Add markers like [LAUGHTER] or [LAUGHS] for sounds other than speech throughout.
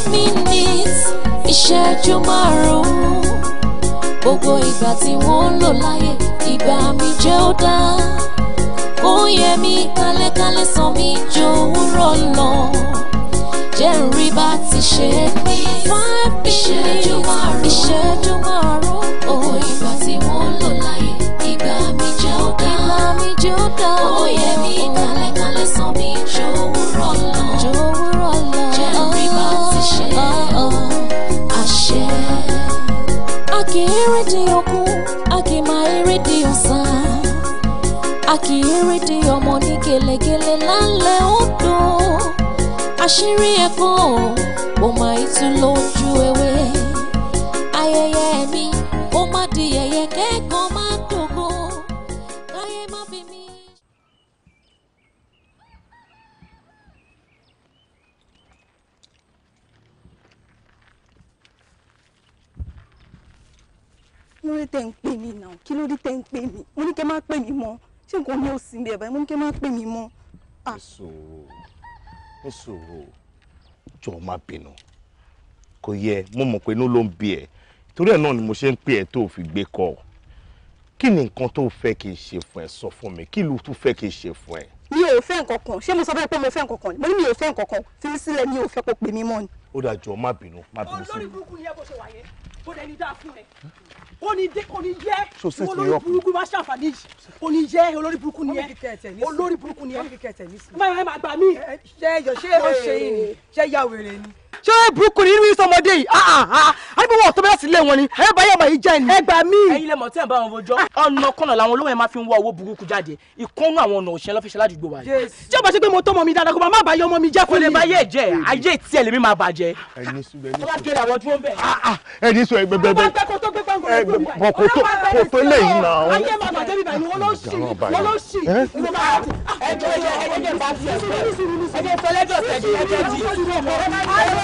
five minutes ìṣẹ́jú márùn-ún gbogbo ìgbà tí wọ́n ń lò láyé ìgbà mi jẹ́ ó dá ó yẹ mí kálẹ́kálẹ́ sàn mí jò wúrọ̀ lọ jẹ́ ń rí bá ti ṣe é ní five ìṣẹ́jú márùn-ún ìṣẹ́jú márùn-ún gbogbo ìgbà tí wọ́n ń lò láyé ìgbà mi ìgbà mi jẹ́ ó dá ó yẹ mí kálẹ́. àṣírí ẹ̀kọ́ ó máa tún lójú ewé ayẹyẹ mi ó má di yẹ̀yẹ́ kẹ́kọ̀ọ́ má dògbò láyé má fi mí. kí ló dé tẹ́ ń pè mí náà kí ló dé tẹ́ ń pè mo ní kẹ́ máa pè mí mọ́ ṣé nǹkan mi ò sí mi ẹ̀bẹ̀ mo ní kẹ́ máa pè mí mọ́. ẹ ah. sọ̀rọ̀ ní sòrò Ma má bínú kò yẹ mo mọ̀ pé inú ló ń bí ẹ̀ torí ẹ̀ náà ni mo ṣe ń pè ẹ́ tó fi gbé kọ́ kí ni nǹkan tó fẹ́ kí n ṣe fún ẹ sọ fún mi kí ló tún fẹ́ kí n ṣe fún ẹ. mi ò fẹ́ nǹkan kan ṣé mo sọ fẹ́ pé mo fẹ́ nǹkan kan mo ní mi ò fẹ́ nǹkan kan fi mí sílẹ̀ mi ò fẹ́ kó pè mí mọ́ ni. ó dà má bínú má bínú sí mi. olórí burúkú yẹ bó ṣe wà yẹn bó dẹni dá fún ẹ òní dé òní yẹ olórí burúkú máa ṣàǹfààní yìí òní yẹ olórí burúkú ni ẹ olórí burúkú ni ẹ máa gbà mí. ṣe yọ ṣe é ṣe yìí ni ṣe yà wèrè ni ṣé ó burúkú ni irú sọmọdé yìí àdìbò wọn ò tó bẹ́ẹ̀ sílé wọn ni ẹ bá yẹ ọmọ yìí jẹ ni. ẹ gbà mí. ẹ̀yin lẹmọ tí ẹ bá wọn rojọ́ ọ̀nà kọ́nà làwọn olówó yẹn máa fi ń wá owó burúkú jáde ìkọ́nú àwọn ọ̀nà òṣèlú ọ̀fíìsì aládùúgbò wa yìí. ṣé o bá ṣe pé mo tọ́ ọmọ mi dáadáa kó máa má bàa yọ ọmọ mi jẹ́ fún mi. kò lè bá yé jẹ ayé tiẹ̀ lèmi máa bàjẹ́. ẹni sùn bẹ́ẹ̀ ni sùn. ẹ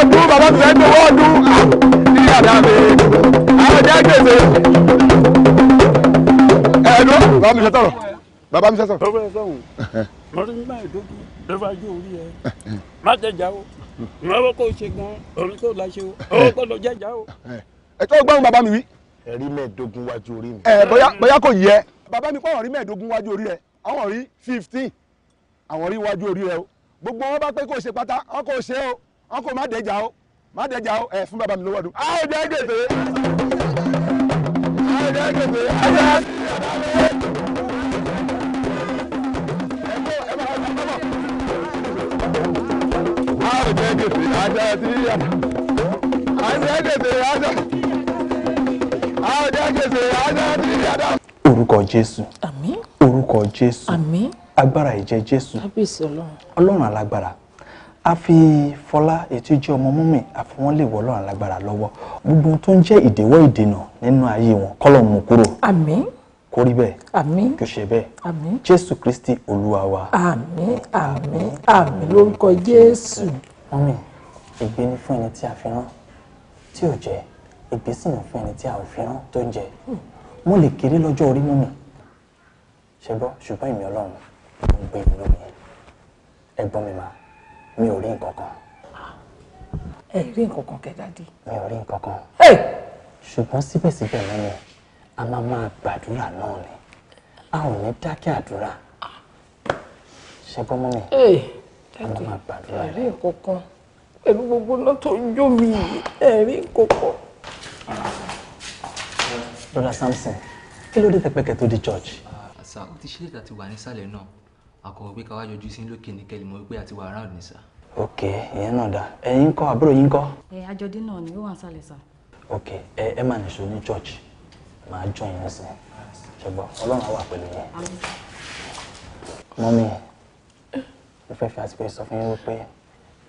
ọdún bàbá mi fẹ́ gbowó ọdún ní àdá mi àwọn jẹ́ gbèsè ẹ̀ẹ́dọ́ bàbá mi sọ̀tọ̀rọ̀ bàbá mi sọ̀tọ̀rọ̀. bàbá mi sọ̀hún mọ̀rí nígbà ìdókú lọ́fàájú orí ẹ̀ má jẹjà o ìrànwọ́ kò ṣe gan orí kò láṣẹ o owó kò lọ jẹjà o. ẹ tó gbọ́n bàbá mi wí. ẹ̀rí mẹ́ẹ̀ẹ́dógún wájú orí mi. ẹ bóyá bóyá kò yẹ bàbá mi pọ̀n rí mẹ́ẹ̀ẹ́dógún wájú orí rẹ̀ àwọn rí fifteen àwọn rí wájú orí rẹ̀ o gbogbo wọn bá pé kò ṣe pátá wọn kò ṣe o ọkọ má dẹjà o má dẹjà o ẹ fún bàbá mi lówó ọdún. a ò jẹ́ gbèsè a ò jẹ́ gbèsè a jẹ́ a ò jẹ́ gbèsè a jẹ́ sí gbèsè a jẹ́ a gbèsè a jẹ́ orúkọ Jésù orúkọ Jésù agbára ìjẹ Jésù kábíyèsí alágbára a fi Fọlá ètò ìjẹ́ ọmọ Mùmí a fi wọ́n lè wọ́ Ọlọ́run lágbára lọ́wọ́ gbogbo tó ń jẹ́ ìdíwọ́ ìdènà nínú ayé wọn kọ́lọ̀ mú kúrò. àmín kó rí bẹ́ẹ̀. àmín kò ṣe bẹ́ẹ̀. àmín jésù kristi olúwa wa. àmín àmín àmín lórúkọ jésù. mọ́mí ègbé ni fún ẹni tí a fi rán tí ò jẹ́ ègbé sì ni fún ẹni tí a ò fi rán tó ń jẹ hmm. mo lè kéré lọ́jọ́ orí mọ́mí ṣe gbọ́ ṣùgbọ́n ìmí ọlọ́run ẹ̀gbọ́n mi máa mi ò rí nǹkan kan. Ah. ẹ rí nǹkan kan kẹ dáàdi. mi ò rí nǹkan kan. ṣùgbọ́n síbẹ̀síbẹ̀ mẹ́mi a máa máa gbàdúrà náà ni a ò ní dákẹ́ àdúrà ṣe mọ́ mi a máa máa gbàdúrà rẹ. ẹ rí nǹkan kan pẹ̀lú gbogbo náà tó ń jó mi ẹ rí nǹkan kan. lọ́la Samson kí ló dé pẹpẹkẹ tó di church. àṣà ó ti ṣe é láti wà nísàlẹ̀ náà àkọ́wọ́ pé káwá yọjú sí lókè ní kẹ́lì mọ́ wípé àti wà around ni sà. ok ìyẹn náà dá ẹ̀yin kọ́ àbúrò yín kọ́. ẹ àjọdín náà ni ó wà ń sàlẹ̀ sà. ok ẹ ẹ máa nìṣó ní church máa jọ yẹn sí ṣùgbọ́n ọlọ́run á wà pẹ̀lú yẹn. mọ́mí mo fẹ́ fi àsìkò sọ fún yín wípé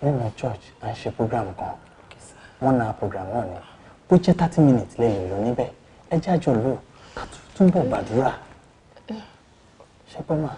nínú church à ń ṣe program kan wọ́n na program náà ni bó jẹ́ thirty minutes lè lè lò níbẹ̀ ẹ jẹ́ àjọ lò ká túbọ̀ gbàdúrà ṣẹ́gbọ́n máa.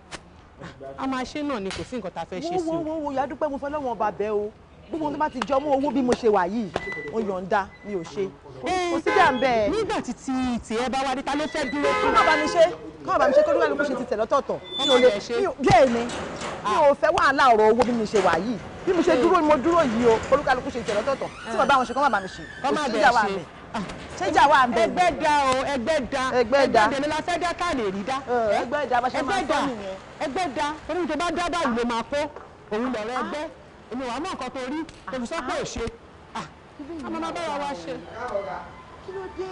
a máa ṣe náà ni kò sí nǹkan tá a fẹ́ ṣe sí o. wo wo wo yàá dúpẹ́ mo fẹ́ lọ́wọ́ ọba bẹ́ẹ̀ o gbogbo ohun tó bá ti jọ mọ́ owó bí mo ṣe wà yìí mo yọ̀ǹda mi ò ṣe kò sí dà ń bẹ́ẹ̀. Eh, nígbà tí ti tì ẹ bá wá dé ta ló fẹ́ dúró. kí wọ́n bá mi ṣe kí wọ́n bá mi ṣe kí olúwa ló ṣe ti tẹ̀ lọ́tọ̀ọ̀tọ̀ mi ò lè bẹ́ẹ̀ ni mi ò fẹ́ wàhálà ọ̀rọ̀ owó bí mi ṣe wà yìí bí mo ṣe dúró ni mo dúró yìí o olúwa ló ṣe ti tẹ̀ lọ́tọ̀ọ̀tọ̀ tí wọ́n bá wọn ṣe kọ́ máa bá mi ṣe kò sí dà wà mí ṣé jà wà bẹ́ẹ̀ ẹgbẹ́ da o ẹgbẹ́ da ẹgbẹ́ da ẹgbẹ́ da ló la fẹ́ dá káàlè rí dá ẹgbẹ́ da bá ṣe máa tọ́ nìyẹn ẹgbẹ́ da orí tó bá dá báyìí ló máa kó òun lọ̀rọ̀ ah. ẹgbẹ́ èmi wàá mọ̀ nǹkan tó rí tó fi sọ pé ò ah. ṣe àmọ́ ah, máa bá wa ṣe. kí ló dé?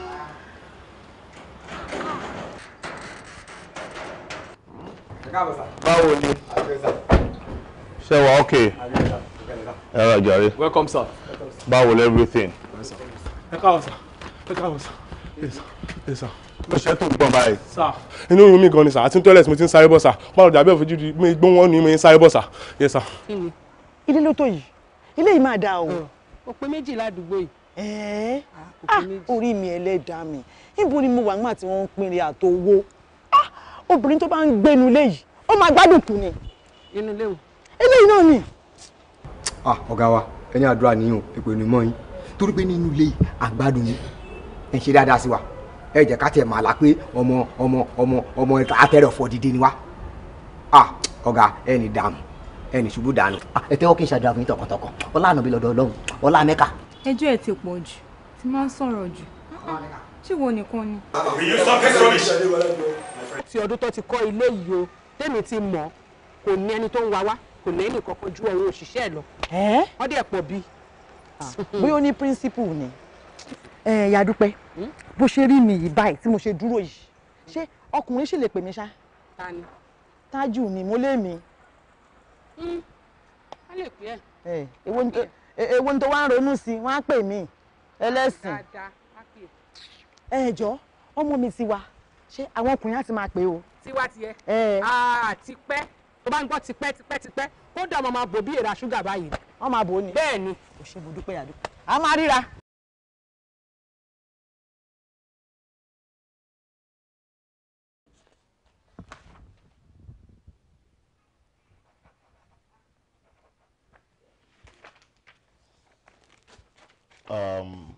báwo ni ṣe wà ok ẹ ra jàre welcome sir báwo ni everything. ẹ káàbọ̀ sir ẹ káàbọ̀ sir ọṣẹ tó gbọ́n báyìí inú rúmi gan ni sà àti toilet mo ti ń sáré bọ̀ sà pàrọ̀ dàbí ọ̀fẹ́jú di mi gbọ́n wọn ni mo ń sáré bọ̀ sà yes sà. ilé ló tó yìí ilé yìí máa da o. o hmm. pé méjì ládùúgbò yìí. ẹ̀ẹ́ ah, ah, orí mi ẹlẹ́dàá mi níbo ni mo wà nígbà tí wọ́n ń pinre àtowó ah, obìnrin tó bá ń gbénu ilé yìí ó máa gbádùn kù ni. inú ilé wo. ilé yìí náà ni. ọ̀gá wa ẹni àdúrà nìyẹn o èpè ní mọ́ yín torí pé nínú ilé yìí àgbádùn yín ẹ ṣe dáadáa sí wa ẹ jẹ́ ká tiẹ̀ máa la pé ọmọ ọmọ ọmọ ọmọ atẹ́rẹ̀ ọ̀fọ̀ dídí ni wa ah ọ̀gá ẹ ní dànù ẹ ní ṣubú dànù. Ah, ẹ tẹ́wọ́ kí n ṣàdúrà fún yín tọkàntọkàn ọlá ànábì lọ́dọ̀ ọlọ́run ọlá mẹ́ka. ẹjọ́ ẹ ti pọ̀ jù ti máa ń sọ̀rọ̀ jù ṣé wo nìkan ni. ti ọdún tó ti kọ́ ilé yìí o tèmi ti mọ̀ kò ní ẹni tó ń wa wá kò lẹ́yìn kankan ju ọ̀rọ̀ òṣìṣẹ́ ẹ̀ lọ. wọ́n dẹ̀ pọ̀ bíi. bí ó ní principle ni ẹ Yàdúpẹ́ hmm? bó ṣe rí mi yìí báyìí tí mo ṣe dúró yìí hmm. ṣé ọkùnrin sì lè pè mí ṣá. ta ni. tájù ni mo lé mi. Hmm, a lè pè ẹ. E, e, èwo ni tó wá ń ronú sí wọn á pè mí ẹlẹ́sìn. ẹ jọ ọmọ mi ti wá ṣé àwọn ọkùnrin á ti máa pè o. tiwa tiẹ. àti pẹ́ tó bá ń gbọ́ tipẹ́ tipẹ́ tipẹ́ kódà ọmọ máa bò bí èrà ṣúgà báyìí. wọ́n máa bò ó ni. bẹ́ẹ̀ ni. òṣèbùdúpẹ́ Yàdúpẹ́ a máa ríra. Um,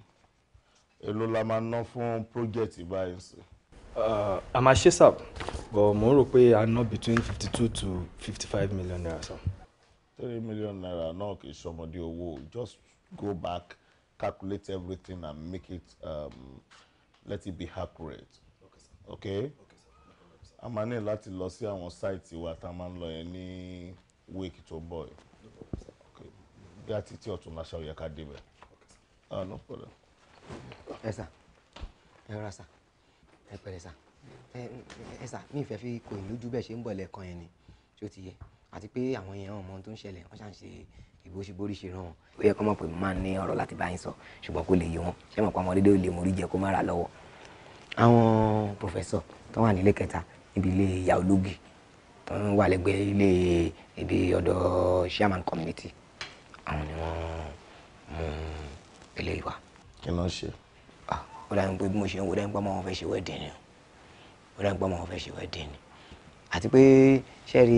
èló la máa ná fún project báyìí sí. Uh, a máa ṣe sáp but mo ń rò pé a ná between fifty two to fifty five million naira sir. three million naira náà kì í ṣọmọdé owó just go back calculate everything and make it um, let it be accurate okay, okay? sir. a máa ní láti lọ sí àwọn sáìtì wa tá a máa ń lọ yẹn ní wake to boy bí a ti tí ọ̀tún láṣà ó débẹ̀ ah no problem. Esa, sà ẹ rọra sà ẹ pẹ̀lẹ́ sà ẹ sà mi ìfẹ́ fi ko ní lójú bẹ́ẹ̀ ṣe ń bọ̀ lẹ́ẹ̀kan yẹn ni ṣó ti yẹ àti pé àwọn èèyàn ọmọ tó ń ṣẹlẹ̀ wọ́n ṣàǹṣe ìgbóṣìbórí ṣe ràn wọ́n. ó yẹ kó mọ̀ pé mo máa ń ní ọ̀rọ̀ láti bá yín sọ ṣùgbọ́n kó lè yé wọn ṣé mọ̀ pé ọmọ dédé ò lè mórí jẹ kó má ra lọ́wọ́. àwọn pòfẹ́sọ̀ tó wà nílé kẹta níbi ilé ìyá ológi tó ń wà lẹ́gbẹ̀ẹ́ ilé ibi ọ̀dọ̀ shaman community àwọn ni wọ́n mú un eléyìí wá. kí ló ṣe. ó dàbí pé bí mo ṣe ń wo dẹ́gbà máa fẹ́ ṣe wẹ́ẹ̀dì ni ó dàbí máa fẹ́ ṣe wẹ́ẹ̀dì ni àti pé ṣẹ́ẹ̀rì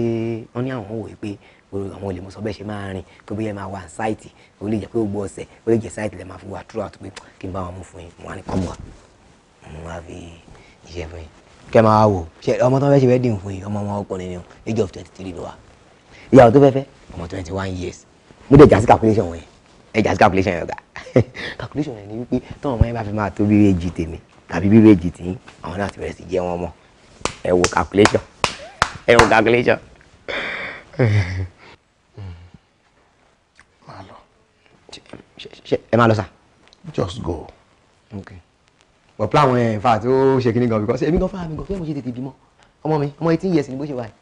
wọ́n ní àwọn òwe pé àwọn olè mọ̀sọ́ bẹ́ẹ̀ ṣe máa rìn kí bóyá máa wà ní ó lè jẹ́ pé gbogbo ọ̀sẹ̀ ó lè jẹ́ sáìtì lè máa fi wà throughout pé kí n bá wọn mú fún yín mo wà ní pọ́nbọ̀ mo wá fi iṣẹ́ fún yín kẹ́ máa wò ọmọ tó fẹ́ ṣe wedding fún yín ọmọ wọn ọkùnrin ni age of twenty three ló wà ìyàwó tó fẹ́ fẹ́ ọmọ twenty one years mo dẹ̀ jà sí calculation wọ̀nyẹn ẹjà sí calculation yẹn [LAUGHS] calculation yẹn ni wípé tọ́wọ́n ọmọ yẹn bá fi máa tó bíréèjì tèmi tàbí bíréèjì tì í àwọn náà ti bẹ̀rẹ̀ sí jẹ́ wọn mọ́ ẹ wo calculation ẹ wo calculation. máa lọ. ẹ máa lọ sá. just go. okay. but plan wọn yẹn in fact ó ṣe kíní gan because èmi gan fúnra mi gan fẹ́ mo ṣe tètè bímọ ọmọ mi ọmọ eighteen years ni bó ṣe wà yìí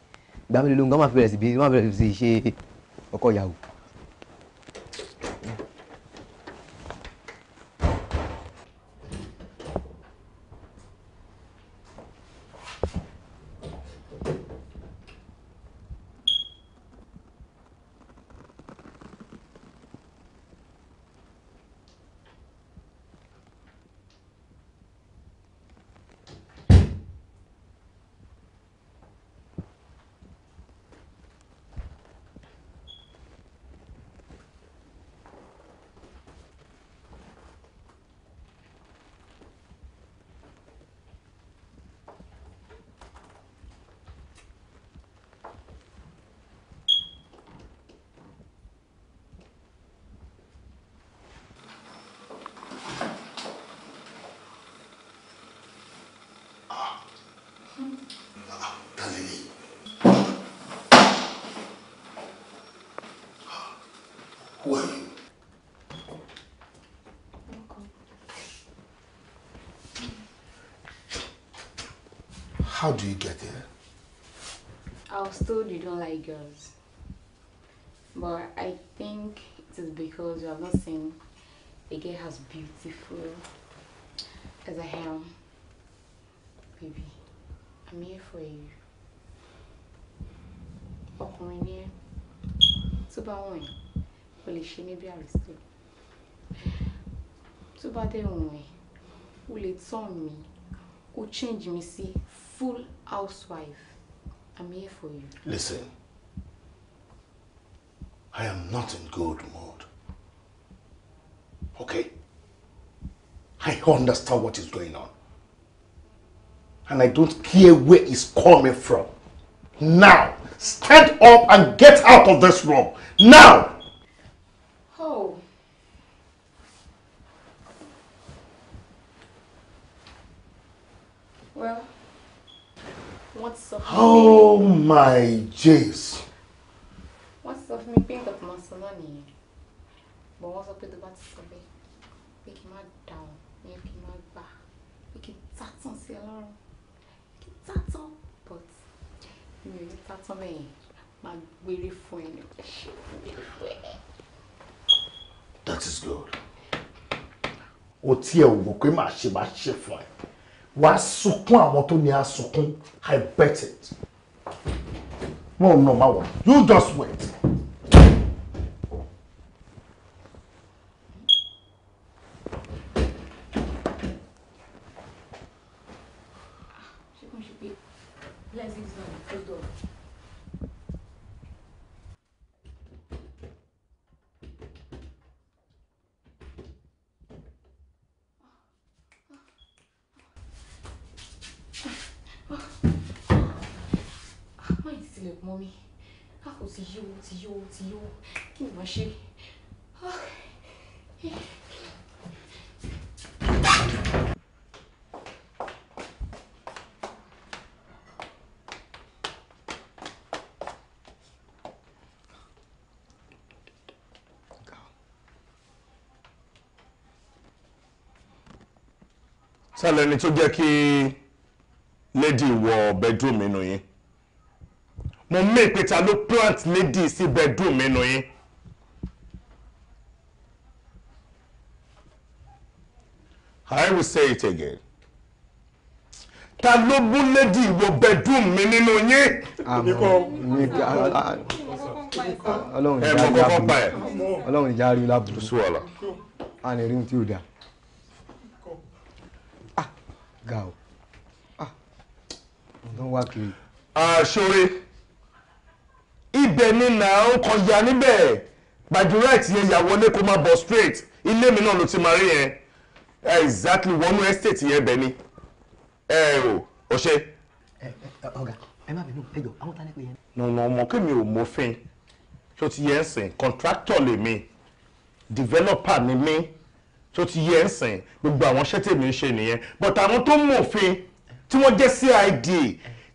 gbàmílélógún gan máa fi bẹ̀rẹ̀ sí bí máa bẹ̀rẹ̀ sí ṣe ọkọ ìyàwó. do you get here? I was told you don't like girls. But I think it is because you have not seen a girl as beautiful as I am. Baby, I'm here for you. ọkùnrin ní ẹ tó bá wọ̀n ẹ́ o lè ṣe mí bí àrìsó tó bá dẹ̀ wọ̀n ẹ́ o lè tàn mí kó change mi sí full housewife. I'm here for you. Listen. I am not in good mood. Okay? I understand what is going on. And I don't care where it's coming from. Now, stand up and get out of this room. Now! wọ́n ti sọ fún mi. oh my jeez. wọ́n ti sọ fún mi pé nǹkan tó máa sọ náà nìyẹn bọ̀ wọ́n sọ pé tó bá ti sọ bẹ́ẹ̀ pé kí n má dáhùn yẹn kí n má gbà pé kí n tàtàn sí ọlọ́run kí n tàtàn but mi ò ní tàtàn bẹ́yẹn máa gbére fún ẹ ní ọ̀ṣẹ́ that is good o tí ẹ wò pé màá ṣe máa ṣe fún ẹ wàá sunkún àwọn tó ní a sunkún i bet it. mo no, ò nà no, má wà you just wait. ti yó ti yó kí ni wọ́n ṣe. sálẹ̀ ni tó jẹ́ kí lady wọ bedroom inú yín mo mé ìpẹta ló plant lady sí bedroom mi nù yín. I will say it again. Ta ló bú lady wọ bedroom mi nínú yín? Ọlọ́run eh, ìjà rí lábùrú. A lè rí ohun tí ó dáa ah, ga o ah ǹkan wá kiri. àṣọre ah, ibẹ̀ ni nà ń kọjá níbẹ̀ gbàdúrẹ́ẹ̀tì yẹn yà wọlé kó máa bọ̀ straight ilé mi náà ló ti máa rí yẹn exactly wọnú estate yẹn bẹ̀ ni ẹ o ò ṣe. ọ̀gá ẹ má bínú ẹ àwọn tá a lè pè yẹn. nànà ọmọ kí mi ò mọ̀fin tó ti yẹ ń sìn contractor lè mi developer ni mi tó ti yẹ ń sìn gbogbo àwọn iṣẹ́ tèmi ń ṣe nìyẹn but àwọn tó mọ̀fin tí wọ́n jẹ́ CID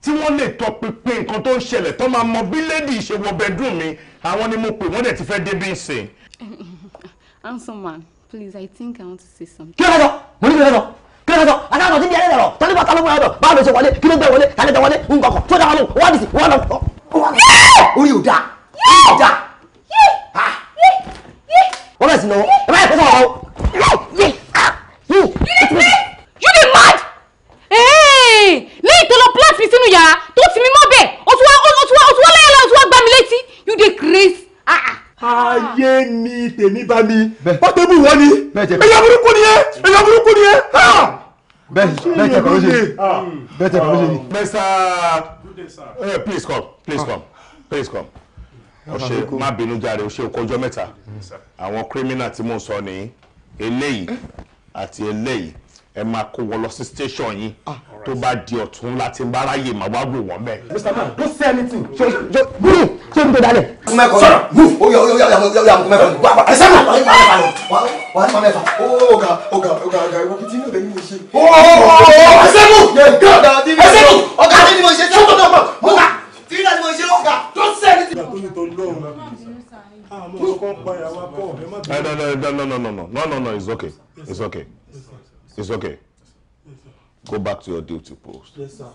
tí wọ́n lè tọpinpin nǹkan tó ń ṣẹlẹ̀ tó máa mọ bí lady ṣe wọ bedroom mi àwọn ni mo pè wọ́n dẹ̀ ti fẹ́ débi nsìn. handsome man please i think i want to say something. kí ló dọ̀ mo ní kí ló dọ̀ kí ló dọ̀ adájọ́ ti di ẹ̀rẹ́ dọ̀rọ̀ tọ́lí bàtà ló mú ẹ̀rọ báwo ṣe wọlé kí ló gbẹ wọlé tàlẹ́ tẹ wọlé nǹkan kan tó dá wọn lò wọ́n dì sí wọ́n lọ. orí ò dáa orí ò dáa wọ́n bẹ̀ sí náà ẹ ya tó ti mímọ́ bẹ́ẹ̀ o tún wá o tún wá o tún létí you dey craze. Ah, ah. ayé mi tèmi bá mi pọ́tẹ́bù wọ́n ni ẹ̀yà burúkú ni ẹ ẹ̀yà burúkú ni ẹ. bẹ́ẹ̀ bẹ́ẹ̀ tẹ̀ kọ́ ló ni ah. bẹ́ẹ̀ tẹ̀ kọ́ ni. mr eh, please come please come please come ọṣẹ má bínú jàre ọṣẹ òkọjọ mẹ́ta àwọn kírímínà tí mò ń sọ nìyí eléyìí àti eléyìí ẹ máa kó wọn lọ sí station yìí tó bá di ọ̀tún láti ń bára yè máa wá wò wọ́n bẹ́ẹ̀. Mr. Man don't say anything. gbúrú ṣé n tó dalẹ̀. sọ̀rọ̀ move. ó yà ó yà ó yà ó yà ó mẹ́fà. ẹ sábà wà á wà á wà mẹ́fà. ó ọ̀gá ọ̀gá ọ̀gá ọ̀gá ìwọ kìtì ní òde yìí ṣe. ó ó ó ẹsẹ̀ mú. ẹsẹ̀ mú. ọ̀gá mi ni mo ṣe ṣé ọ̀gá mi mo ta tí ní àti mo ṣe ọ̀gá don't say anything. No, no, no, no, no, no, no, it's okay, it's okay. It's okay. Yes, sir. Go back to your duty post. Yes, sir.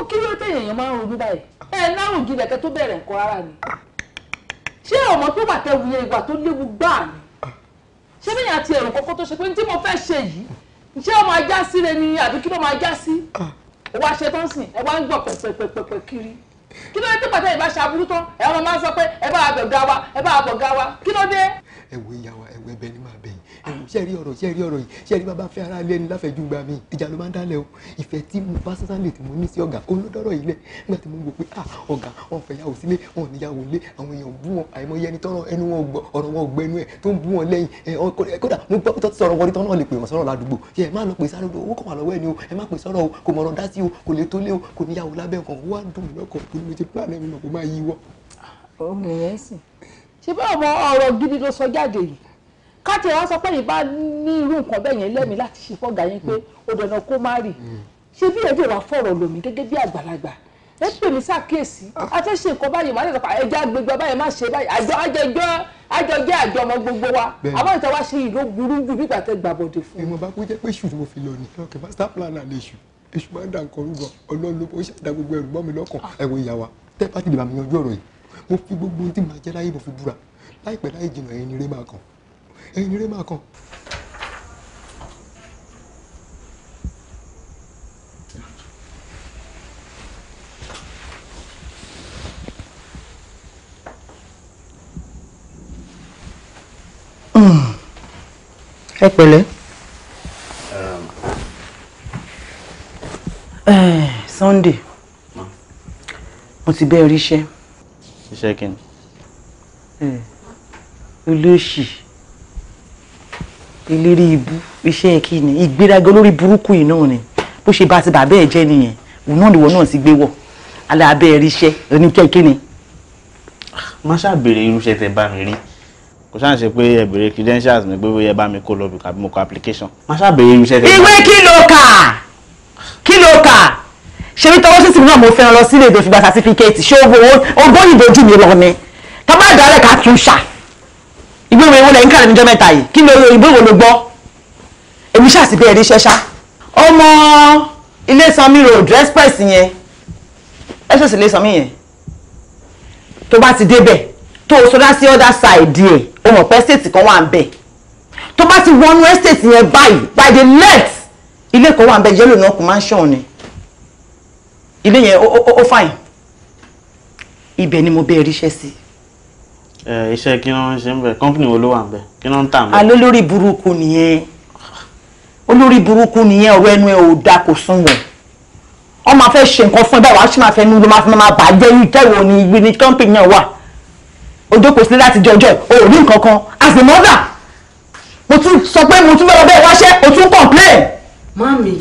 ó kí ló tẹ̀yìn èèyàn máa ń ronú báyìí ẹ lárùn gilẹ̀ kẹ́ tó bẹ̀rẹ̀ nǹkan ara ni ṣé ọmọ tó wà tẹ wuyẹ ìwà tó léwu gbáà ni ṣé bí yàn àti ẹ̀rù kọ́kọ́ tó ṣe pé tí mo fẹ́ ṣe yìí ṣé ọmọ ajá sí rẹ ni àbí kí ló máa já sí ẹ wá ṣe tán sìn ẹ wá ń gbọ̀ pẹ̀pẹ̀pẹ̀pẹ̀ kiri kí ló dé tó pàtẹ́ ìbá ṣàbúrú tán ẹ ọmọ máa ń sọ pé ẹ bá wa bọ̀gá wa ẹ bá wa bọ̀gá wa kí ló dé. ẹ wo ìyá wa ẹ wo ẹ̀bẹ̀ ṣe rí ọ̀rọ̀ ṣe rí ọ̀rọ̀ yìí ṣe rí bàbá fẹ́ ara ilé ẹni láfẹ̀jú gba mi ìjà ló máa ń dálẹ̀ o ìfẹ́ tí mo pásítánlì tí mo ní sí ọ̀gá olódọ́rọ̀ ilẹ̀ nígbà tí mo wò pé ah, ọ̀gá wọn fẹ́ yàwó sílé wọn ní yàwó lé àwọn èèyàn bú wọn àìmọye ẹni tọ́rọ̀ ẹnu wọn gbọ́ ọ̀rọ̀ wọn gbọ́ ẹnu ẹ̀ tó ń bú wọn lẹ́yìn kódà mo gbọ́ tó sọ̀rọ̀ wọn tán náà lè pè wọ́n sọ̀rọ̀ ládùúgbò ẹ má lọ pè sáré owó kọ̀ wà lọ́wọ́ ẹni o ẹ má pè sọ̀rọ̀ o kò mọ̀rọ̀ dá sí o kò lè tó lé o kò ní yàwó lábẹ́ nǹkan wá dùn mí lọ́kàn ní mo ti pílánì mi mọ̀ kó má yíwọ́. òun nìyẹn sìn ṣé báwo ọ̀rọ̀ gidi ló sọ jáde yìí káàtì ẹ̀ wá sọ pé yìí bá ní irú nǹkan bẹ́ẹ̀ yẹn lẹ́mìí láti ṣe fọ́gà yín pé ó dandan kó má rì ṣé bí èdè wà fọ̀rọ̀ lòmí gẹ́gẹ́ bí àgbàlagbà ẹ pè mí sàkíyèsí a ṣe nǹkan báyìí màá lè sọpọ̀ ẹja gbogbo báyìí má ṣe báyìí àjọ àjọjọ àjọjẹ àjọmọ gbogbo wa àwọn ìta wa ṣe ìlú burúkú nígbà tẹ gbàbọdè fún. ẹ mọ bá kú jẹ pé mo fi lọ master planner lè ṣù èṣù máa ń dà nǹkan rúgọ ọlọ́ọ̀lọ́ ó ṣàdá gbogbo ẹrù gbọ́n mi lọ́kàn ẹ̀wọ̀n ìyá wa tẹ́ bá ti lè bá mi yanjú ọ̀rọ̀ yìí ẹ̀yin eré máa kàn. ẹ pẹ̀lẹ́. Um. Eh, Sunday mo ti bẹ́ẹ̀ ríṣẹ́. iṣẹ́ kí ni. Eh, olóṣì ìlérí ibú iṣẹ́ kí ni ìgbéraga olórí burúkú yìí náà ni bó ṣe bá ti bàbá ẹ̀ jẹ́ nìyẹn òun náà nìwọ náà ti gbé wọ̀ alẹ́ abẹ́ ẹ̀ rí iṣẹ́ oníkẹ́kẹ́ ni. má ṣàbèrè irúṣẹ́ tẹ bá mi rí kò ṣáà ṣe pé ẹ bèrè credentials mi pé bóyá ẹ bá mi kó lọ bí mo kọ application má ṣàbèrè irúṣẹ́ tẹ bá mi. ìwé kí ló kà kí ló kà ṣe ní tọwọ́ sísìn náà mo fẹ́ràn lọ sílé ìdòfìgbà certificate ìwé ìwé wọn lẹ́yìn kàrẹ́ níjọ́ mẹ́ta yìí kí ló ìwé ìwé ló gbọ́ èmi ṣàṣì bẹ́ẹ̀ rí ṣẹ́ṣá ọmọ ilé sanmi road express yẹn express ilé sanmi yẹn tó bá ti débẹ̀ tó o sọdá sí other side ẹ̀ o mọ̀ pé estate kan wà ń bẹ̀ tó bá ti wọnú estate yẹn báyìí by the left ilé kan wà ń bẹ̀ yẹ́lò náà kò máa ń ṣàn ni ilé yẹn ó fine ibẹ̀ ni mo bẹ́ẹ̀ ríṣẹ́ sí i iṣẹ́ kí wọ́n ṣe ń bẹ̀ kọ́ńpìnì wo ló wà ń bẹ̀ kí wọ́n ń tà ń bẹ̀. alẹ́ lórí burúkú nìyẹn olórí burúkú nìyẹn ọ̀rọ̀ ẹnu ẹ ò da kò sunwọ̀n wọ́n máa fẹ́ ṣe nǹkan fún ẹ báyìí wàá ṣì máa fẹ́ nu ló máa fi máa bà á jẹ́ irú ìtẹ́wò ní ibi ní kọ́ńpìnì náà wà ojókòó sílé láti jọjọ́ ẹ ò rí nǹkan kan as a mother mo tún sọ pé mo tún fẹ́ lọ bẹ́ẹ̀ wáṣẹ́ o tún complain. mami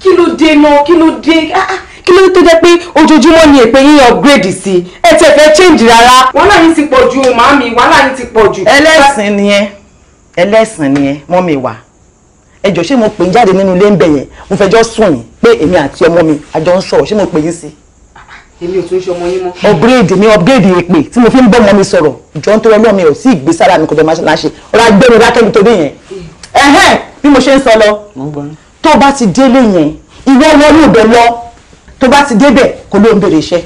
kí ló dé náà kí ló dé ah ah kí ló tó jẹ́ pé ojoojúmọ́ ni èpè yín upgrade sí ẹ tẹ̀ fẹ́ change rárá. wàhálà yín ti pọ̀ ju màámi wàhálà yín ti pọ̀ ju. ẹlẹ́sìn ni ẹ ẹlẹ́sìn ni ẹ mọ́ mi wà ẹ jọ ṣé mo pè ń jáde nínú ilé ń bẹ̀ yẹn mo fẹ́ jọ sùn yín pé èmi àti ọmọ mi àjọ ń sọ̀rọ̀ ṣé mo pè yín sí. èmi ò tún ṣe ọmọ yín mọ́. upgrade mi upgrade èpè tí mo fi ń bọ́ ọmọ mi sọ̀rọ̀ ìjọ ń tó ọlọ́ mi ò sí ìgbésára mi kò tó máa ṣe ọ̀rọ̀ agbẹ́mi rákẹ́mi torí yẹn ẹ̀hẹ́n bí mo ṣe ń sọ lọ tó bá ti délé yẹn ìwọ wọnú ibẹ̀ lọ tó bá ti débẹ̀ kó ló ń bèrè iṣẹ́.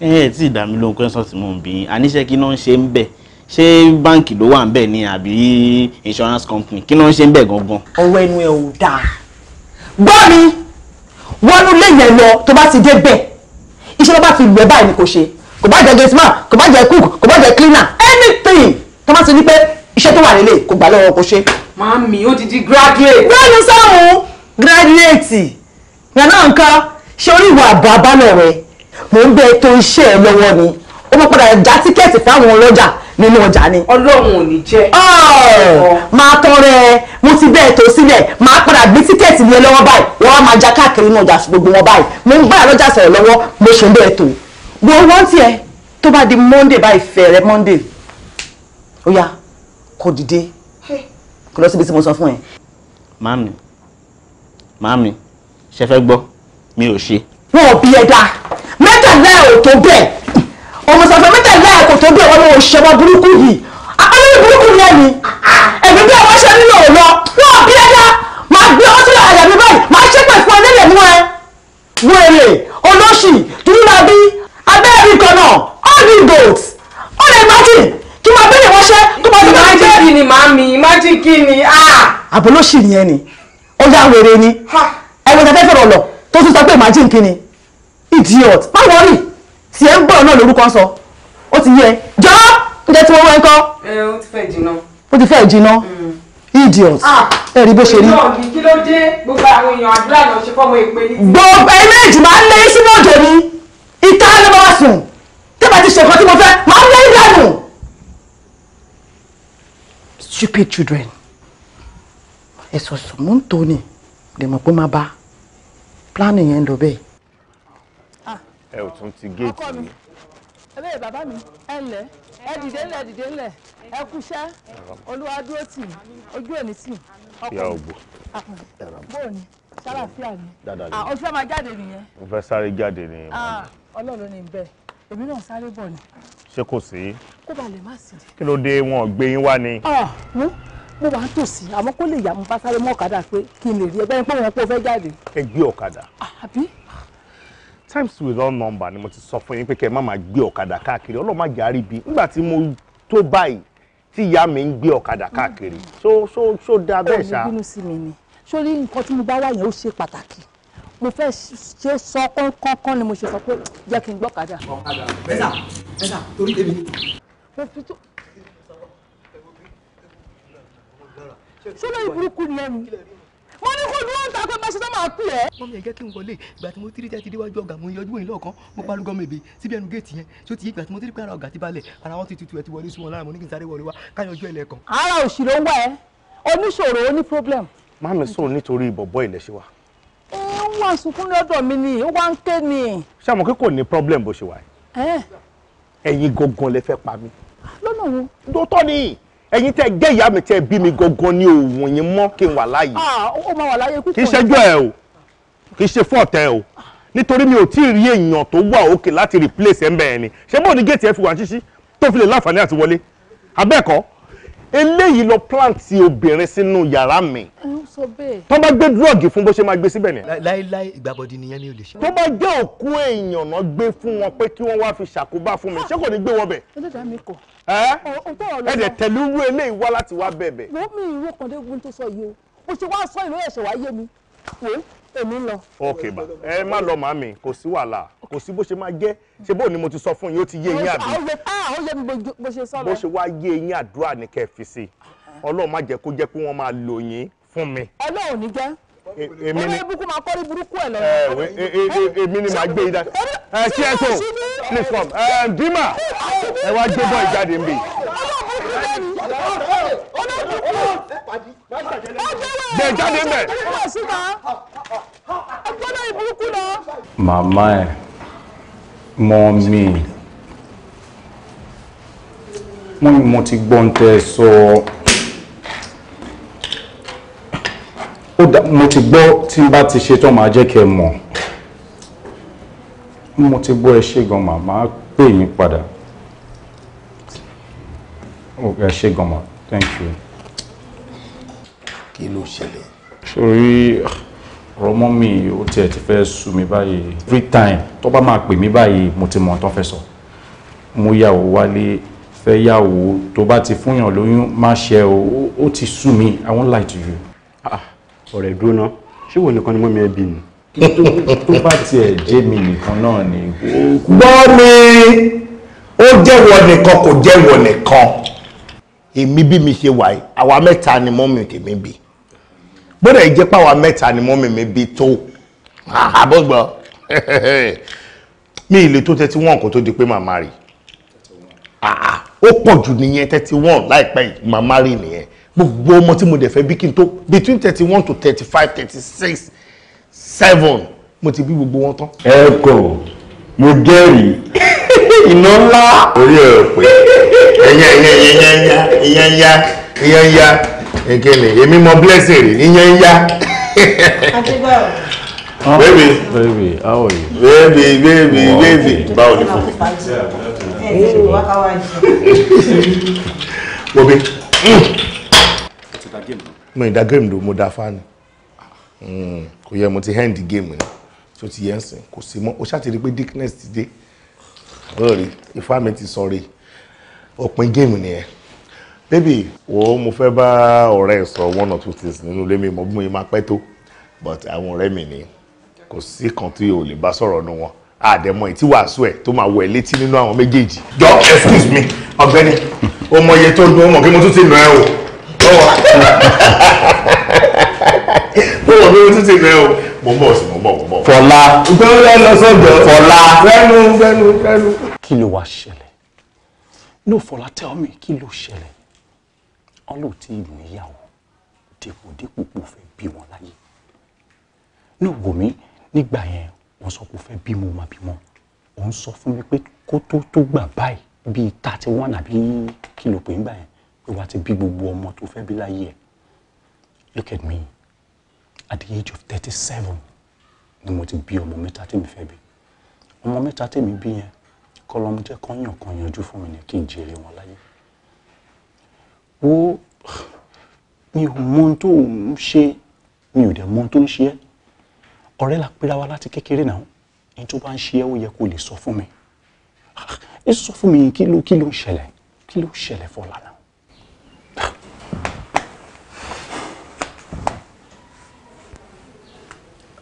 ẹ ẹ tí ìdààmú ló ń kọ́ ẹ̀sán tí mò ń bí àníṣe kí náà ń ṣe ń bẹ̀ ṣé báǹkì ló wà ń bẹ̀ ni àbí insurance company kí náà ń ṣe ń bẹ̀ gangan. ọwọ́ ẹnu ẹ ò dáa gbọ́ mi wọnú lẹ́yìn ẹ lọ tó bá ti débẹ̀ iṣẹ́ ló bá fi lù ẹ́ báyìí ni kò ṣe kò bá jẹ́ gateman kò bá jẹ́ cook kò bá jẹ́ cleaner anything tó bá ti ní pé iṣẹ́ tó wà nílé kò gbà lọ́wọ́ kò ṣe. màámi ó ti di graduate. bẹ́ẹ̀ ni sáwọn graduate yàrá nǹkan ṣé orí ìwà àbọ̀ abánà rẹ mò ń bẹ ètò iṣẹ́ ẹ lọ́wọ́ ni ó mọ̀ padà já tíkẹ́ẹ̀tì fáwọn ọlọ́jà nínú ọjà ni. ọlọ́run ò ní jẹ́. máa tọrẹ mo ti bẹ́ẹ̀ tó sílẹ̀ máa padà gbé tíkẹ́ẹ̀tì ní ẹ lọ́wọ́ báyìí wọ́n á máa já káàkiri inú ọjà gbogbo wọn báyìí mo ń báyà lọ́jà sọ̀rọ̀ lọ́wọ́ mo ṣe ń bẹ́ẹ̀ tó. gbogbo wọn tiẹ̀ tó bá di monday báyìí fẹ̀rẹ̀ monday ó yá kó dìde kó lọ síbi tí mo sọ fún ẹ. màámi màámi ṣe fẹ́ gbọ́ mi ò ṣe. wọn ò bí ẹ̀dá mẹ́tàlá ẹ̀ ò tó bẹ́ẹ̀ ọmọ sọ̀tọ̀ mẹ́tàlá ẹ̀ kò tó bẹ́ẹ̀ wọn ò ṣẹwọ́ burúkú yìí akọ́lẹ́ burúkú yẹn ni ẹ̀mí bí ọmọ ṣe nílò lọ wọn ò bí ẹ̀dá máa gbé ọwọ́ sílẹ̀ àyà mi báyìí máa ṣépè fún ẹ nílẹ̀ mú ẹ wèrè olóṣì tùdúlábí abẹ́rẹ́ kan náà all the goats all the imagine kí máa bẹ́ẹ̀ wọ́n ṣẹ́ tó máa tó máa jẹ́. imagine kí ni màmí imagine kí ni. Ah! àbólóṣì ni ó yá ni ẹ̀wọ̀n tẹ́tẹ́ fẹ̀rọ̀ lọ tó tún sọ pé imagine kí ni idiot má wọrí tí ẹ ń gbọ́rọ̀ náà lórúkọ sọ ó ti yẹ jọ ǹjẹ́ tí wọ́n wọ́n ń kọ́. ẹ ó ti fẹ́ jìnnà. ó ti fẹ́ jìnnà hmm. idiot ah, ẹ rí bó ṣe rí. kí ló dé gbogbo àwọn èèyàn àdúrà náà ṣe fọmọ ìpè ní. gbogbo ẹ méjì máa ń lé sínú òjò ni ìta ló bá wá sùn tí bá ti ṣèkan tí mo fẹ́ máa ń lé ìdánù. stupid children ẹ̀sọ̀ sọ̀mú ń tóni lè mọ̀ pé má bá a pílánì yẹn ń lọ bẹ́ẹ̀. Ah. ẹ ò tún ti géètì mi. ẹbẹ́ bàbá mi ẹ ǹlẹ́ ẹ dìde ńlẹ̀ dìde ńlẹ̀ ẹ kúṣẹ́ olúwa dúró tì mí ojú ẹ̀ ní tì ọkọ mi bóò ah, ah. ni sálàfíà ni o fẹ́ máa jáde nìyẹn. mo fẹ́ sáré jáde nìyẹn. ọlọ́run ni bẹ́ẹ̀ èmi náà sáré bọ̀ ni. ṣé kò sí. kó balẹ̀ má sí. kí ló dé wọn gbé yín wá ni mo wà ń tòsí àmọ́ kó lè yà mo bá sáré mọ́ ọ̀kadà pé kí n lè rí ẹgbẹ́ pé wọn kó fẹ́ jáde. ẹ gbé ọ̀kadà. Ah, àbí. times without number ni mo ti sọ fún yín pé kẹ́ ẹ má máa gbé ọ̀kadà káàkiri ọlọ́ọ̀ má jẹ́ àríbi nígbà tí mo tó báyìí tí ìyá mi ń gbé ọ̀kadà mm. káàkiri ṣó ṣó ṣó dáa bẹ́ẹ̀ ṣá. ó bínú sí mi ni sórí nǹkan tí mo bá wà yẹn ó ṣe pàtàkì mo fẹ́ ṣe sọ kọ́ńkọ́ńkọ́ ni mo ṣe sọ pé jẹ́ kí n gbọ́kadà. ọ̀kadà bẹ́ẹ̀ bẹ́ẹ̀ sọlá ìburúkú ni ẹnu mo ní kó dúró ń ta pé báṣẹ tó máa pè ẹ. mọ́mí ẹ jẹ́ kí n wọlé ìgbà tí mo tírí tẹ́tí déwájú ọ̀gá mo yọjú òyìnbó kan mo palugo mi èbè síbi ẹnu géètì yẹn tí ó ti yí ìgbà tí mo tírí pé ara ọ̀gá ti balẹ̀ ara wọn ti tutù ẹ ti wọlé sí wọn lára mo ní kí n sáré wọlé wá káyọjú ẹ lẹ́ẹ̀kan. ara òsì ló ń wá ẹ oníṣòro ó ní problem. má mi sọ̀rọ̀ nítorí ìbọ̀bọ̀ ilẹ̀ ṣe wa. ẹ ń wá sunkún lọ́dọ̀ mi ni ó wá ń ké ni. ṣé àmọ́ kí kò ní problem bó ṣe wà yìí. ẹ̀yin gangan lẹ ẹ̀yin tẹ́ gẹ́ ìyá mi tẹ́ bí mi gangan ni òun yín mọ́ kí n wà láàyè. Ah, ó máa wà láyé púpọ̀. kì í ṣẹjọ́ ẹ o kì í ṣe fọ́ọ̀tẹ́ o nítorí mi ò tí ì rí èèyàn tó wà òkè láti replace ẹ̀ ń bẹ̀rẹ̀ ni ṣé bóun ni géètì ẹ fi wà ń ṣíṣí tó fi lè láǹfààní àti wọlé abẹ́ẹ̀kọ́ eléyìí lọ plant obìnrin sínú yàrá mi. tó bá gbé drug fún bó ṣe máa gbé síbẹ̀ ni. láíláí ìgbàbọ̀dì nìyẹn ni o lè ṣe. tó bá jẹ́ òkú èèyàn náà gbé fún wọn pé kí wọ́n wá fi ṣàkóbá fún mi ṣé kò ní gbé wọn bẹ̀. ẹlẹ́dàá mi kọ̀. ẹ ẹ dẹ̀ tẹ̀lé irú eléyìí wá láti wá bẹ̀bẹ̀. lómi ìró kan dé gun tó sọ yìí o mo ṣe wá sọ ìró ẹ̀ṣẹ̀ wá yé mi wò ó èmi ń lọ. ok ma ẹ má lọ màmí kò sí wàhálà kò sí bó ṣe máa jẹ́ ṣé bóun ni mo ti sọ fún yín ó ti yé yín àbí. ó yé ah, mi bó ṣe sọ lọ. bó ṣe wá yé yín àdúrà ní kẹfì sí ọlọ́run má jẹ́ kó jẹ́ pé wọ́n máa lò yín fún mi. ọlọ́run ní jẹ́ e- èmi ni ebúkú máa kọ́rí burúkú ẹ̀ lọ. E- e- èmi ni màá gbé yín dáadáa. ẹ ṣí ẹ tó please come dima ẹ wá gbé bọ́ọ̀ ìjáde ń bì gbẹ̀jáde mẹ́. màmá ẹ̀ mọ́ mi wọ́n ní mo ti gbọ́ ń tẹ́ sọ mo ti gbọ́ tí n bá ti ṣe tán máa jẹ́ kẹ́ mọ̀ mo ti gbọ́ ẹ ṣe gan màmá pè yín padà ẹ ṣe gan màmá thank you. kí ló ṣẹlẹ̀. sori ọ̀rọ̀ mọ́ mi ó tiẹ̀ ti fẹ́ sú mi báyìí every time tó bá máa pè mí báyìí mo ti mọ̀ ọ́n tó fẹ́ sọ mo yàwó wálé fẹ́ yàwó tó bá ti fúnyàn lóyún má ṣe o ó ti sú mi i won't lie to you. Ah, ah, ọ̀rẹ́ dúró náà ṣé wo nìkan ni mọ́ mi ẹ bí ni. tó bá tiẹ̀ jẹ́ mi nìkan náà ni. gbọ́ mi ó jẹ́wọ́ nìkan kò jẹ́wọ́ nìkan èmi bí mi ṣe wà yìí àwa mẹ́ta ni mọ́mì tèmi bí bóde ìjẹ́ pàwa mẹ́ta ni mọ́mì mi bí tó àbọ̀gbọ́ mi ìlè tó thirty one kó tó di pé màmá rí ó pọ̀ jù nìyẹn thirty one láìpẹ́ yìí màmá rí nìyẹn gbogbo ọmọ tí mo dẹ̀ fẹ́ bí kí n tó between thirty one to thirty five thirty six seven mo ti bí gbogbo wọn tán. ẹ kò mo jẹ́rìí [LAUGHS] iná ńlá orí ẹ̀ pé ìkíni èmi mọ blessing rè ìyẹn ń yá. baby baby how are you. baby baby baby báwo ni fún mi. mo bí mo ìdá géèmù ló mo dá fáànì hmm, kò yẹ mo ti hand game ni tí o ti yẹ ń sìn kò sí mọ́ o ṣáà ti rí pé dickness ti dé ọ̀rẹ́ ìfá mi ti sọ rèé òpin géèmù nìyẹn bébì wo mo fẹ́ bá ọ̀rẹ́ sọ one or two things nínú ilé mi mo bí mo yẹ máa pẹ́ tó but àwọn ọ̀rẹ́ mi ni kò sí kan tí o lè bá sọ̀rọ̀ nu wọn àdẹ̀mọ́ ìtí wàásù ẹ̀ tó máa wọ ẹ̀ létí nínú àwọn méjèèjì. jọ excuse me ọ̀gbẹ́ni o mọ iye tó nu ọmọ kí mo tún ti nù ẹ o lọ́wọ́ mo mọ kí mo tún ti nù ẹ o mo mọ sí mo mọ mo mọ. fọlá gbẹ́wọ́n lọ sọ́dọ̀ fọlá fẹ́nu fẹ́nu fẹ́nu. kí ló wàá ṣẹlẹ̀ no Fọlá tell me kí ló ṣẹlẹ̀ ọlọ́ọ̀ tí ìlú ìyàwó dèpòdèpò kò fẹ́ bí wọn láyé no Wùmí nígbà yẹn wọ́n sọ kò fẹ́ bímọ mà bímọ òun sọ fún mi pé kó tó tó gbà báyìí bíi thirty one àbí kí ló pè ń gbà yẹn pé wàá ti bí gbogbo ọmọ tó fẹ́ bí láyé ẹ̀ look at me at the age of thirty seven ni mo ti bí ọmọ mẹ́ta tèmi fẹ́ bí ọmọ mẹ́ta tèmi bí yẹn kọlọm jẹ́ kọ́yàn kan yanjú fún mi ni kí n jèrè wọn láyé wo mi ò mọ ohun tó ń ṣe mi ò dẹ̀ mọ ohun tó ń ṣe ẹ́ ọ̀rẹ́ la pera wa láti kékeré náà ẹni tó bá ń ṣe ẹ́ ó yẹ kó lè sọ fún mi ẹ sọ fún mi kí ló kí ló ń ṣẹlẹ̀ kí ló ń ṣẹlẹ̀ fọlá náà.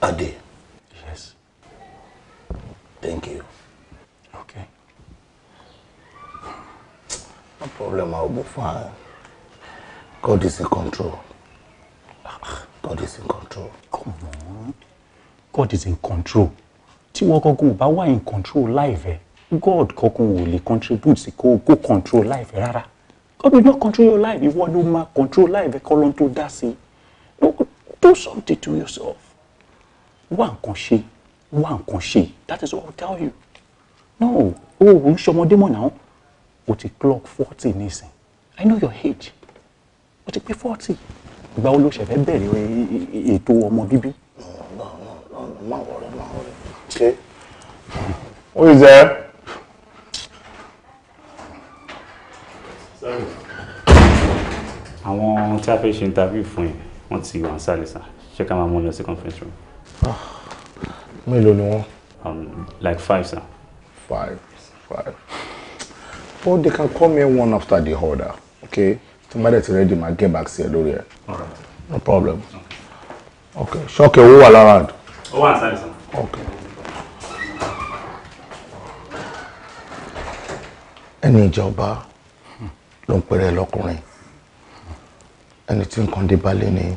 Ade. Yes. Thank you. No problem, I'll be fine. God is in control. God is in control. Come on. God is in control. Tí wọ́n kankan ò in control láìfẹ́, God kankan ò lè contribute sí Go go control life. Rara. God will not control your life. You want ló ma control life? kọ́ ló ń tó Do something to yourself. Wá nǹkan ṣe. Wá nǹkan ṣe. That is what I tell you. No, o ò ń ṣọmọdé mọ̀ náà o ti clock forty nísìn i know your age o ti pé forty ìgbà wo ló ṣe fẹ́ bẹ̀rẹ̀ e, e, e, ètò ọmọ bíbí. má wọrẹ má wọrẹ ṣe. who is there. àwọn tí a fẹ́ ṣe interview fún yẹn wọ́n ti wà ń sálẹ̀ sá ṣé ká máa mú lọ sí conference room. Ah, mélòó ni wọ́n. Um, like five sir. five five. Or oh, they can call me one after the other. Okay? Somebody is ready, my get back here, lórí All right, No problem. Okay. Ṣọ́kẹ́ owó wà lára rẹ̀. Ó wà nísàlẹ̀ sàn. Okay. Any ìjọba don't ń pèrè lọ́kùnrin. Ẹni tí nǹkan dé balẹ̀ ni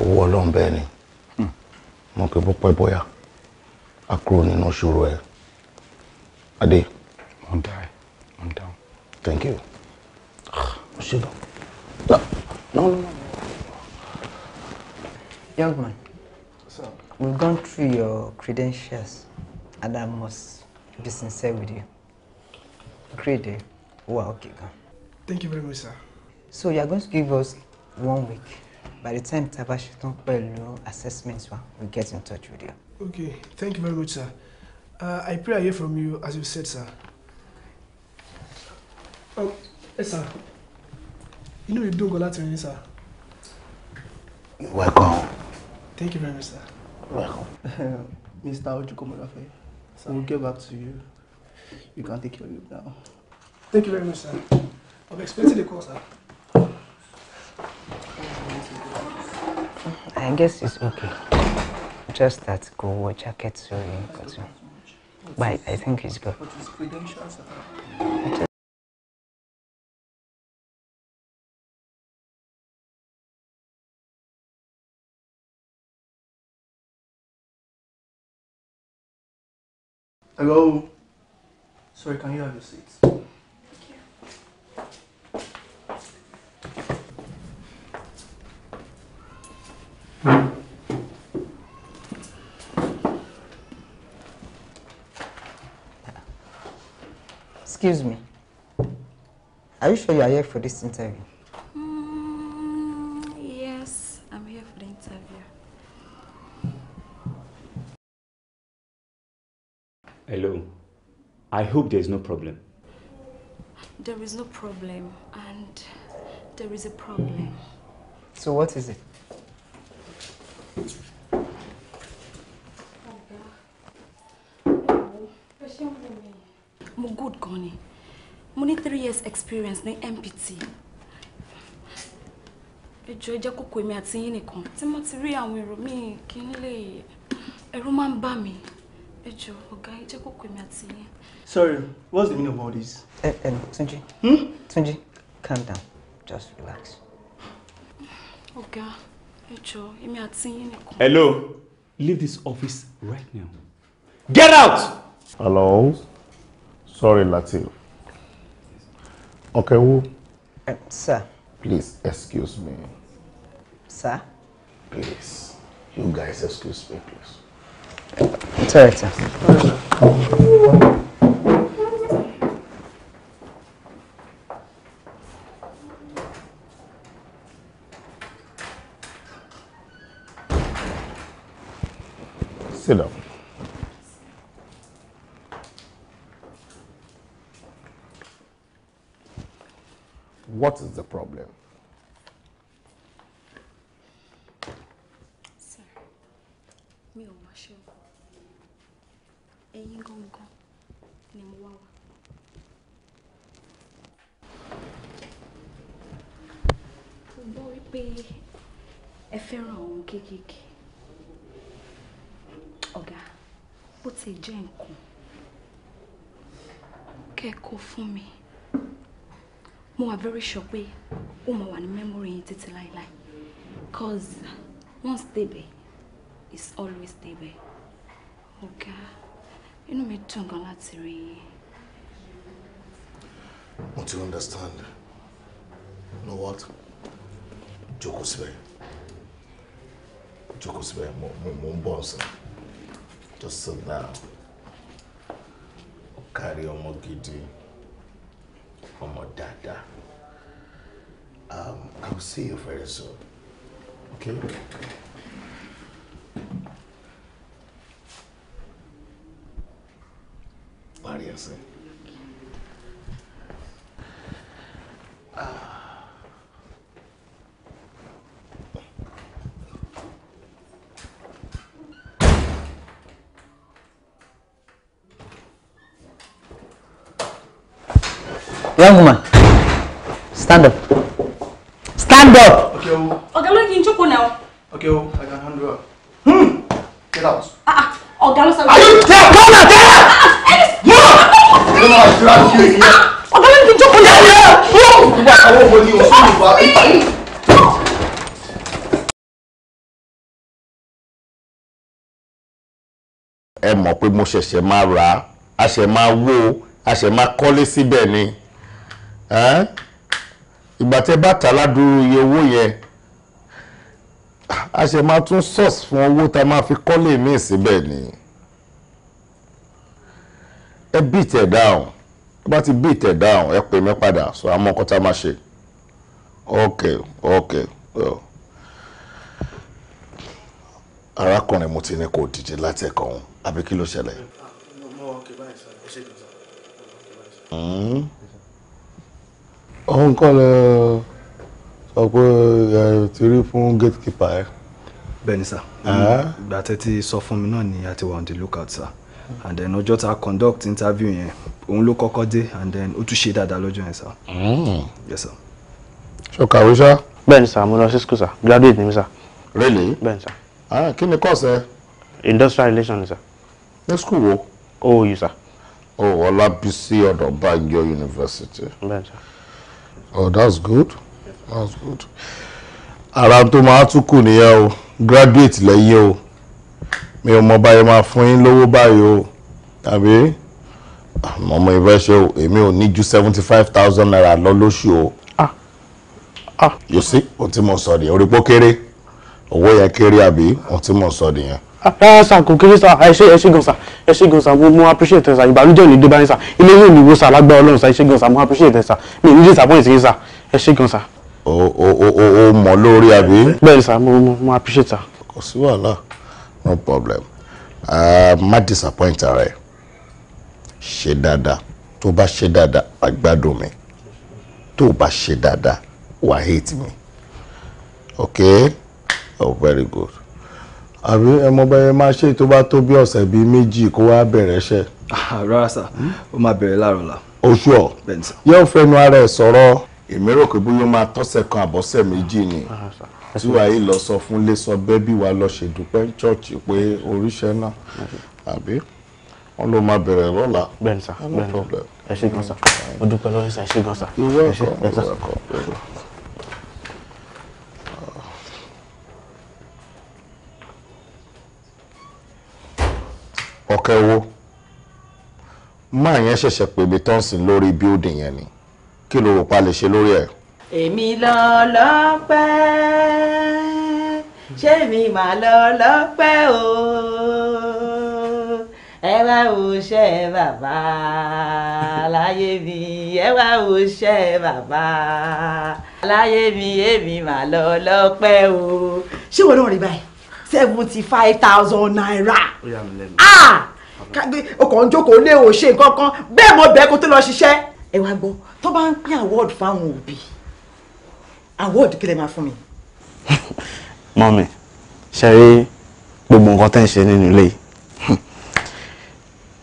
owó ọlọ́run bẹ́ẹ̀ ni. Mo kì í bó pẹ́ bóyá. A kúrò nínú ìṣòro ẹ̀. Adé wọ́n dá ẹ̀ wọ́n thank you. mo ṣe lọ. no no no. young man Sir. we've gone through your credentials and I must be sincere with you. grade wa okay go. thank you very much sir. so you are going to give us one week. By the time Taba Shetan pẹ̀lú assessments wa, we get in touch with you. Okay, thank you very much, sir. Uh, I pray I hear from you as you said, sir. Oh, ẹ sà inú mi dùn gan láti rìn sà. welcome. thank you very much [LAUGHS] sir. welcome. mr ojukomolafe we We'll get back to you you can take your leave now. thank you very much sir i'm expecting the call sir. I guess it's okay. Just that go watch a cat so you can But uh, I think it's good. But his credentials are. Hello? Sorry, can you have your seats? Thank you. Excuse me. Are you sure you are here for this interview? I hope there is no problem. There is no problem and there is a problem. So what is it? Mo good gan ni. Mo ní three years experience ní MPT. Ẹjọ́ ẹ jẹ́ kókó èmi àti yín nìkan. Tí mo ti rí àwọn èrò míì kí nílé ẹ̀rù máa ń bà ẹ jọ ọ̀gá yìí jẹ́ kó pè mí sorry what's the meaning of all this. ẹ ẹ Túnjí Túnjí calm down just relax. ọ̀gá ẹ jọ èmi àti hello leave this office right now get out. hello sorry Latif okay wo. Uh, eh, sir. please excuse me. sir. please you guys excuse me please. It's all sè jẹ́ nǹkan kẹ́kọ̀ọ́ fún mi mo wà very sure pé ó máa wà ní memory yín títí láéláé cause once débẹ̀ is always débẹ̀ ọ̀gá inú mi dùn gan láti rí yín. mo ti understand you know what jókòó síbẹ̀ jókòó síbẹ̀ mo mo ń bọ̀ ọ̀sán just so now ó kárí ọmọ gidi ọmọ dáadáa um, I will see you very soon okay. pé mo ṣẹ̀ṣẹ̀ máa rà á a ṣẹ̀ máa wó a ṣẹ̀ máa kọ́lé síbẹ̀ ni ìgbà tẹ́ bá tà ládùúrú iye owó yẹn a ṣẹ̀ máa tún source fún owó tá a máa fi kọ́lé míì síbẹ̀ ni ẹ beat ẹ down ẹ bá ti beat ẹ down ẹ pè mí padà so àmọ́ nǹkan tá a máa ṣe ok ok. Well arákùnrin mo ti ní kò dìde látẹ̀kọ̀ ọ̀hún àbí kí ló ṣẹlẹ̀. òun hmm? kọ́ lọ sọ pé ẹ ti rí fún gatekeeper ẹ. bẹ́ẹ̀ni sá ìgbà tẹ́ sọ fún mi náà ni a ti wà on the lookout sá and then ọjọ́ ta conduct interview yẹn òun ló kọ́kọ́ dé and then ó tún ṣe dáadáa lọ́jọ́ yẹn sá. sir. Hmm. ṣọkàwé sá. bẹ́ẹ̀ni sá mo lọ sí school sá graduate ni mi sá. really bẹ́ẹ̀ni sá. Ah, kí ni course ẹ. industrial relations sir. ní school wo. OU sir. o Ọlábísí Ọ̀dọ̀bánjọ University. bẹ́ẹ̀ sir. oh that's good that's good. ara tó máa tún kù nìyẹn o graduate lẹ́yìn o mi ò mọ báyìí máa fún yín lówó báyìí o tàbí ọmọ ìfẹ́ ṣe o èmi ò ní ju seventy five thousand naira lọ lóṣù o. ah ah. yóò sí ohun tí mo sọ rèé orí pókéré owó yẹn kéré àbí ohun tí mò ń sọ nìyẹn. rárá ah, ah, sà kò kéré sà ah, ẹ ṣé ẹ ṣé gan sà ẹ ṣé gan sà mo mo appreciate sà ìbànújẹ́ ò ní dé báyìí sà ilé yóò ní wo sà lágbára Ọlọ́run sà ẹ ṣé gan sà mo appreciate sà mi ní disappoint yín sà ẹ ṣé gan sir. o o o o mọ lórí àbí. bẹ́ẹ̀ sà mo mo mo appreciate sà. kò sí wàhálà no problem uh, má disappoint ara ẹ ṣe dáadáa tó bá ṣe dáadáa àgbàdo mi tó bá ṣe dáadáa wàá hate mi okay. oh very good. àbí ẹmọbẹyẹ máa ṣe tó bá tó bí ọ̀sẹ̀ bíi méjì kó wá bẹ̀rẹ̀ ṣẹ́. Ah, rárá sà hmm? ó máa bẹ̀rẹ̀ láàárọ̀ la. oṣù ọ yóò fẹnu ara ẹ sọ̀rọ̀. èmi rò pé bóyá ó máa tọ́sẹ̀ kan àbọ̀sẹ̀ méjì ni ah, tí wàá yìí lọ sọ fún lé sọ wa lọ ṣèdúpẹ́ ní ṣọ́ọ̀ṣì pé oríṣẹ́ náà àbí wọn ló máa bẹ̀rẹ̀ lọ́la. bẹ́ẹ̀ni sá, ah, bẹ́ẹ̀ni ẹ ṣé gan sà mo dúpẹ́ lọ́wọ́ ọ̀kẹ́ owó máa yẹn ṣẹ̀ṣẹ̀ pé ibi tó ń sìn lórí bíódì yẹn ni kí ló rò pa lè ṣe lórí ẹ̀. èmi lọ lọ́pẹ́ ṣé mi máa lọ lọ́pẹ́ o ẹ wá wo ṣẹ́ bàbá láyé mi ẹ wá wo ṣẹ́ bàbá láyé mi èmi mà lọ lọ́pẹ́ o. ṣé wọn náà rí báyìí seventy five thousand naira ah ọkọ̀ ń jókòó lé o ṣe nǹkan kan bẹ́ẹ̀ mọ bẹ́ẹ̀ kó tó lọ ṣiṣẹ́ ẹ wá gbọ́ tó bá ń pín award fáwọn òbí award kí lẹ máa fún mi. [LAUGHS] mọ́mì ṣe rí gbogbo nǹkan tẹ́ ń ṣe nínú ilé yìí [LAUGHS]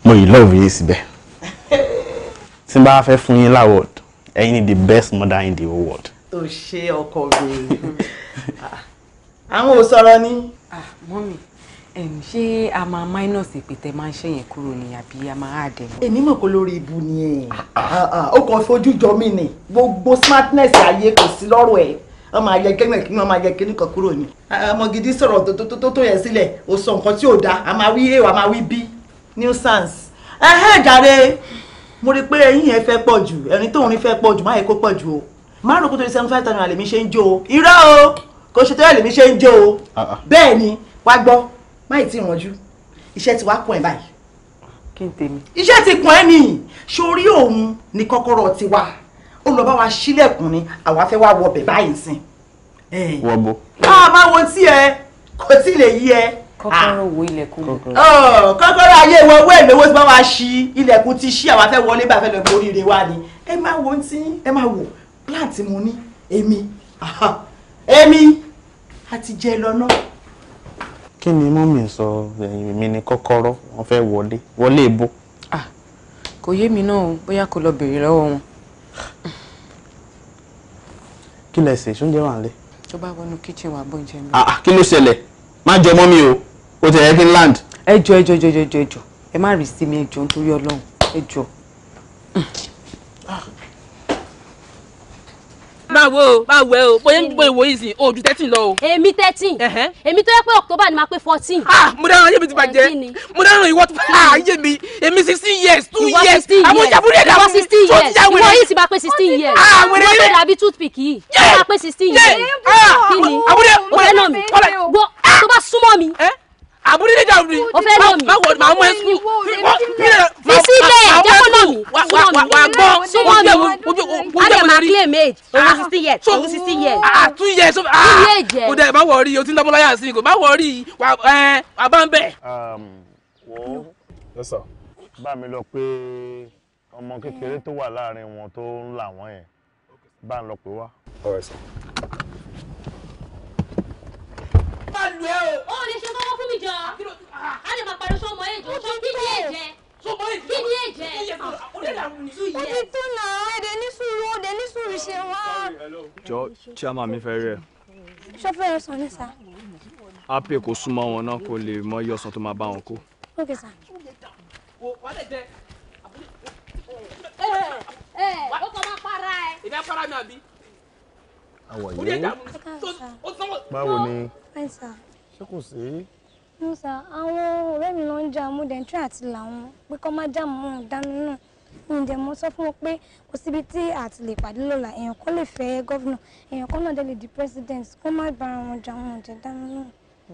mo yìí lọ́ọ̀bù yìí síbẹ̀ [LAUGHS] tí n bá fẹ́ fún yín láwọ̀d the best mother in the world. o ṣe ọkọ mi ah, àwọn ò sọ̀rọ̀ ni mọ́mì ṣé a máa minus ìpètè máa ń ṣe yẹn kúrò ní àbí a máa àdẹ̀. èmi mọ̀ kó lórí ibu ni ẹ̀ ó kàn fojú jọ mí ni gbogbo smartness ayé kò sí lọ́rọ̀ ẹ̀ wọ́n máa yẹ kẹ́mẹ̀ kí wọ́n máa yẹ kíní kan kúrò ni. ọmọ gidi sọ̀rọ̀ tó tó yẹ sílẹ̀ ó sọ nǹkan tí ò dáa a máa wí a a máa wí b nuisance. ẹ̀hẹ́ jàre mo rí i pé ẹyin yẹn fẹ́ pọ̀ jù ẹni tóun rí fẹ́ pọ̀ jù má yẹ kó pọ̀ jù o márùn kó tó di seventy five thousand lèmi ṣe ń jó o irọ́ o kò ṣe tó yẹ lèmi ṣe ń jó o ah, ah. bẹ́ẹ̀ ni wá gbọ́ máì tí ìrànjú iṣẹ́ ti wá pọ̀ ẹ̀ báyìí. kí n tèmi. iṣẹ́ ti pọ̀ ẹ́ nìyí sórí òun ni kọ́kọ́rọ́ ti wá ó lọ bá wa sílẹ̀kùn ni àwa fẹ́ wá wọbẹ̀ báyìí sìn. wọ́n bọ́. a máa wo tí ẹ kò tí lè yí ẹ. kọ́kọ́rọ́ ah. wo ilẹ̀kùn. kọ́kọ́rọ́ ayé wọ owó ẹ̀ lówó tí wọ́n wá ṣí ilẹ̀kùn ti ṣí àwa fẹ́ wọlé bá fẹ́ lọ bí oríire wa ni ẹ máa wo tí ẹ máa wò plant mo ní èmi èmi àti jẹ lọ náà kí ni mọ́mì sọ ẹ̀yìn mi ni kọ́kọ́rọ́ wọ́n fẹ́ wọlé wọlé ibo. kò yé mi náà bóyá kò lọ bèrè lọ́wọ́ wọn. kí lẹ ṣe ṣóúnjẹ wà nílé. tó bá wọnú kíchìn wà bó ń jẹ mi. kí ló ṣẹlẹ̀ má jẹ mọ́ o o tẹ̀ ẹ́ kí n land. ẹ jọ ẹ jọ ẹ jọ ẹ jọ ẹ má rí mi ẹ jọ nítorí Ọlọ́run ẹ jọ. máa wo o máa wẹ o bóyá bóyá wo yìí sìn o ju thirteen lọ o. èmi thirteen èmi tó yẹ pé october ni màá pé fourteen. ah mo dáhùn ayé mi ti bàjẹ́ mo dáhùn ìwọ tó fà ah, ayé mi èmi sixteen years two years àwọn ìjàmbúrú ẹ̀dá mi tó ti yà wẹ̀rẹ̀. ìwọ yìí ti máa pé sixteen ah, years mo tó dàbí toothpick yìí ó máa pé sixteen years ah, kí ni òwe náà mi gbọ́ tó bá súnmọ́ mi. Eh? àbúrí níjà mi. o fẹ́ lọ mi. báwo màá mú ẹ sùn. fi sílẹ̀ jẹ́kọ̀ lọ mi. wà á gbọ́ ojú ẹ̀wọ̀n ojú ẹ̀wọ̀n lórí. a lè máa claim age òun sixty years òun sixty years. a ah, two years of ah kò dẹ̀ má wọ̀ọ́rí o ti ń dọ́gbọ́n láyà sí i kò má wọ̀ọ́rí wà ẹ wà bá ń bẹ̀. Um, wo lọ́sọ̀ bá mi lọ pé ọmọ kékeré tó wà láàrin wọn tó ń là wọ́n yẹn bá ń lọ pé wá. ọ̀rẹ́ sọ bá lu ẹ o. o lè ṣe kọ́kọ́ fún mi jọ ah, ah. a lè máa pariwo sọmọ èjò kí ni èjẹ kí ni èjẹ o ti tó nà èdè ní sùúrù òde ní sùúrù ṣe wá. jọ chiama mi fẹ́ rẹ̀. ṣọ́fẹ́ rẹ̀ sọ ní sá. ape kò súnmọ́ wọn náà kó lè mọ iye ọsàn tó máa bá wọn kó. ok sá. ẹ ẹ ó kọ́ máa para ẹ. ìbẹ́ para mi àbí. How are you? Báwo ni? Fine sir. Ṣé kò sí? No sir, àwọn ọ̀rẹ́ mi ló ń jà mú dẹ̀ntrí àti làwọn pé kọ́ má jà mọ́ ìdáná náà. Ǹjẹ́ mo sọ fún wọn pé kò síbi tí àti lè pàdé lọ́la èèyàn kan lè fẹ́ gọ́vnà èèyàn kan náà dé lè di president kó má bára wọn jà wọn jẹ dáná náà. Ẹ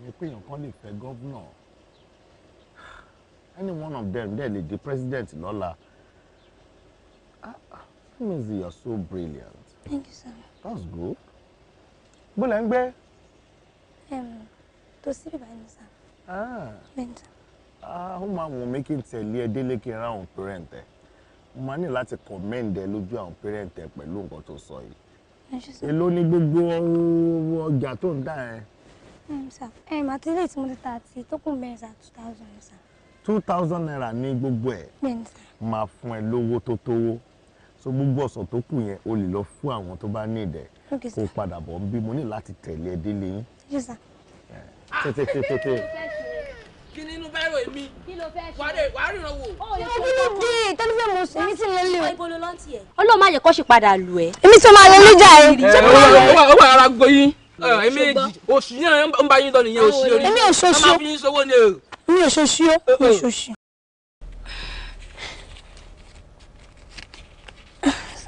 hmm. pé èèyàn kan lè fẹ́ gọ́vnà any one of them dẹ̀ lè the president lọ́la. Ah. ah. That means you are so brilliant. Thank you, sir. That's good. Bọ́lá Um, to see síbí báyìí ni sir. Ah. Bẹ́ẹ̀ni sir. Ah. máa wọ̀n mí kí n tẹ̀lé ẹ délé kí n rá àwọn parent ẹ. Mo máa ní láti commend ẹ lójú àwọn parent ẹ pẹ̀lú nǹkan tó sọ yìí. Èló ni gbogbo ọjà tó ń dà ẹ? Hmm, àti ilé tí mo ti ta àti tó kù two thousand sir. Two thousand naira ní gbogbo ẹ̀. Bẹ́ẹ̀ni sá. Máa fún ẹ lówó so gbogbo ọ̀sán tó kù yẹn o lè lọ fún àwọn tó bá ní ìdẹ̀ kó padà bọ̀ bí mo ní láti tẹ̀lé ẹ délé yín. tètè kí nínú bẹ́rù èmi wàá ríran wò. ẹbí ló dé tọ́lú fẹ́ mo sùn èmi sì lọ o. ọlọ́run má yẹ kó ṣe padà lù ẹ́. èmi sì máa lọ lójà ẹ. ó wà rárá gbóyún èmi oṣù yẹn ń bá yín lọ nìyẹn oṣù orí. èmi ò ṣoṣo èmi ò ṣoṣo èmi ò ṣoṣo. Uh-uh.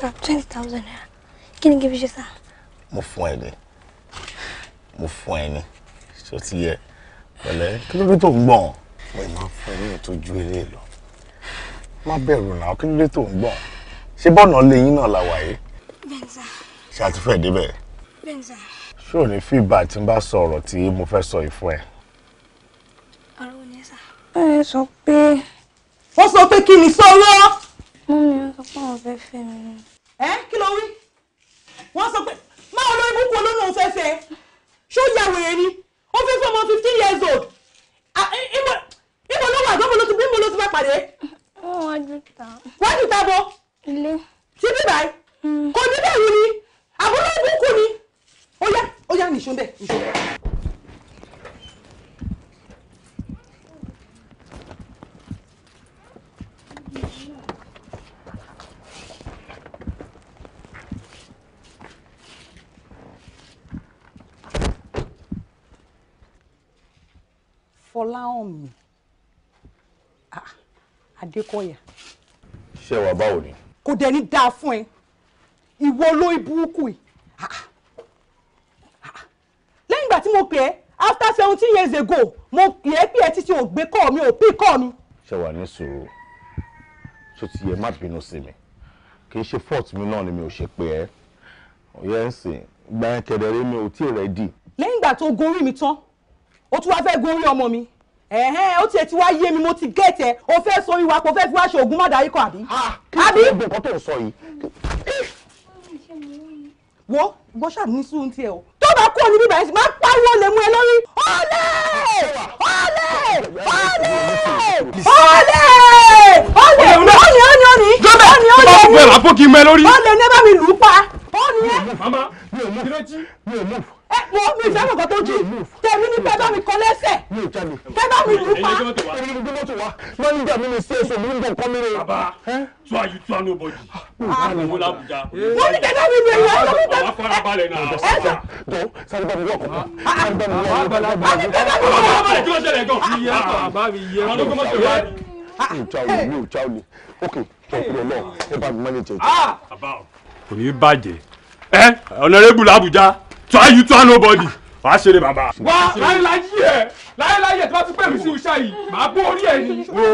sir twenty thousand naira kí ni kí n fi ṣe sir. mo fún ẹ ní mo fún ẹ ní ṣó ti yẹ pẹ̀lẹ́ kí ló dé tó ń gbọ̀n mo ì máa fún ẹ ní ètò ju eré lọ má bẹ̀rù náà kí ló dé tó ń gbọ̀n ṣé bọ́ọ̀nà lẹ́yìn náà la wà yìí. bẹ́ẹ̀ sà. ṣé a ti fẹ́ débẹ̀. bẹ́ẹ̀ sà. ṣé ò ní tí n bá sọ ọ̀rọ̀ tí mo fẹ́ sọ yìí fún ẹ. ọ̀rọ̀ ò ní sà. ẹ sọ pé. wọ́n sọ pé kí ni sọ́wọ́ mú mi ń sọ pé àwọn fẹ́ fẹ́ mi ni. ẹ kí ló wí wọ́n sọ pé máa lọ ibùkún olóńgbò òun fẹ́ fẹ́ ṣó ya wèrè ni ó fẹ́ fẹ́ ọmọ fifteen years old ibo ló wà gbọ́n mo ló ti bá pàdé. wọ́n ju ta. wọ́n ju ta bọ́. ilé. ti bí báyìí. Hmm. kò ní bẹ́ẹ̀ wù ni àbúrò ibùkún ni ó yá ó yá nìṣó bẹ́ẹ̀ nìṣó bẹ́ẹ̀. Fọláhànmí Adékọ̀yà. ṣé wàá báwo ni. kò dẹ̀ ní dáa fún ẹ ìwọ olórí burúkú yìí lẹ́yìn ìgbà tí mo pè ẹ́ after seventeen years ago mo pè ẹ́ pè ẹ́ títí ò gbé kọ́ mi ò pè kọ́ mi. ṣé wàá ní sùúrù tó ti yẹ má bínú sí mi kì í ṣe fault mi náà ni mi ò ṣe pé ẹ yẹn ń sìn gbàǹkẹ̀dẹ̀rẹ́ mi ò tí ì rẹ́dì. lẹ́yìn ìgbà tó gorí mi tán o tún wá fẹ́ gun orí ọmọ mi ẹ̀hẹ́n o tiẹ̀ ti wá yé mi mo ti gẹ̀ẹ́tì ẹ̀ o fẹ́ sọ wíwá kó fẹ́ fi wá ṣe ògùn mọ́dàrí kan àbí. Ah, àbí. kí tó ń sọ yìí. wo gbọ́sà ní sùn tiẹ̀ o tó bá kú òní bíbá máa pariwo lè mú ẹ lórí. ọ̀lẹ ọ̀lẹ ọ̀lẹ ọ̀lẹ ọ̀lẹ ọ̀nì ọ̀nì ọ̀nì. jọ́bẹ̀ tó bá kú ẹ̀ máa fọ́ kí n mẹ́ lórí. ọ̀lẹ ní ẹ bá mi lù ú pa. ọ̀nì ẹ. mama mi ò mú mi ò mú wo mi ìfẹ́ mọ̀kọ́ tó jì tẹ̀mí ní pẹ́bá mi kan lẹ́sẹ̀ pẹ́bá mi lù pa. èmi ni gbogbo tó wá máa ń gbà mí ní csc mi ń bọ̀ kọ́ mi rè. bàbá tú àyè tú àná bọ̀jì àwọn làbújá. wọ́n ní tẹ̀lé mi rè wọ́n lọ́wọ́ tẹ̀lé. àwọn afárá balẹ̀ náà. ẹ jọ jọ sáré bá mi wọ̀ kọ́. àti pẹ́bá mi wọ̀ kọ́. àbálẹ̀ tí wọ́n ṣẹlẹ̀ gan. iye àbá mi yẹ ah, ah, mi ò jáwé ok kẹkẹrẹ náà ẹ bá mi má ní jẹjẹ. kò ní bàjẹ́ try you try nobody wà á ṣeré bàbá. wá láyéláyé ẹ láyéláyé ẹ tí wọ́n ti pẹ̀lú sí iṣẹ́ yìí màá bó orí ẹ̀ ní. wo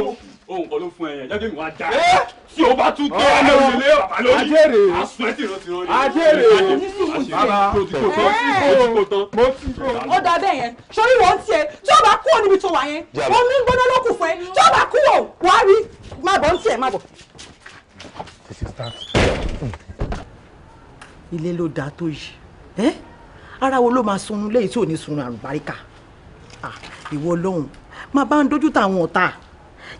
ohun kan ló fún ẹ yẹn jẹ́ kí mi wá já ẹ tí o bá tún tẹ ẹ lórí ilé bàbá lórí àsun ẹ tìrọ tìrọ ni. ajere bàbá mo ti kò tán. mo ti kò tán. ó da bẹ́ẹ̀ yẹn sórí wọn tiẹ̀ tí o bá kú ò níbi tó wà yẹn omi ń gbóná lókùn fún ẹ tí o bá kú ò wá rí má bọ̀ ń tiẹ̀ má bọ̀. Hmm. ilé ló dáa tó yìí ara wo ló máa sunun léyìí tí ò ní sunun àrùbáríkà ìwọ lọ́hùn máa bá ń dojú tàwọn ọ̀tá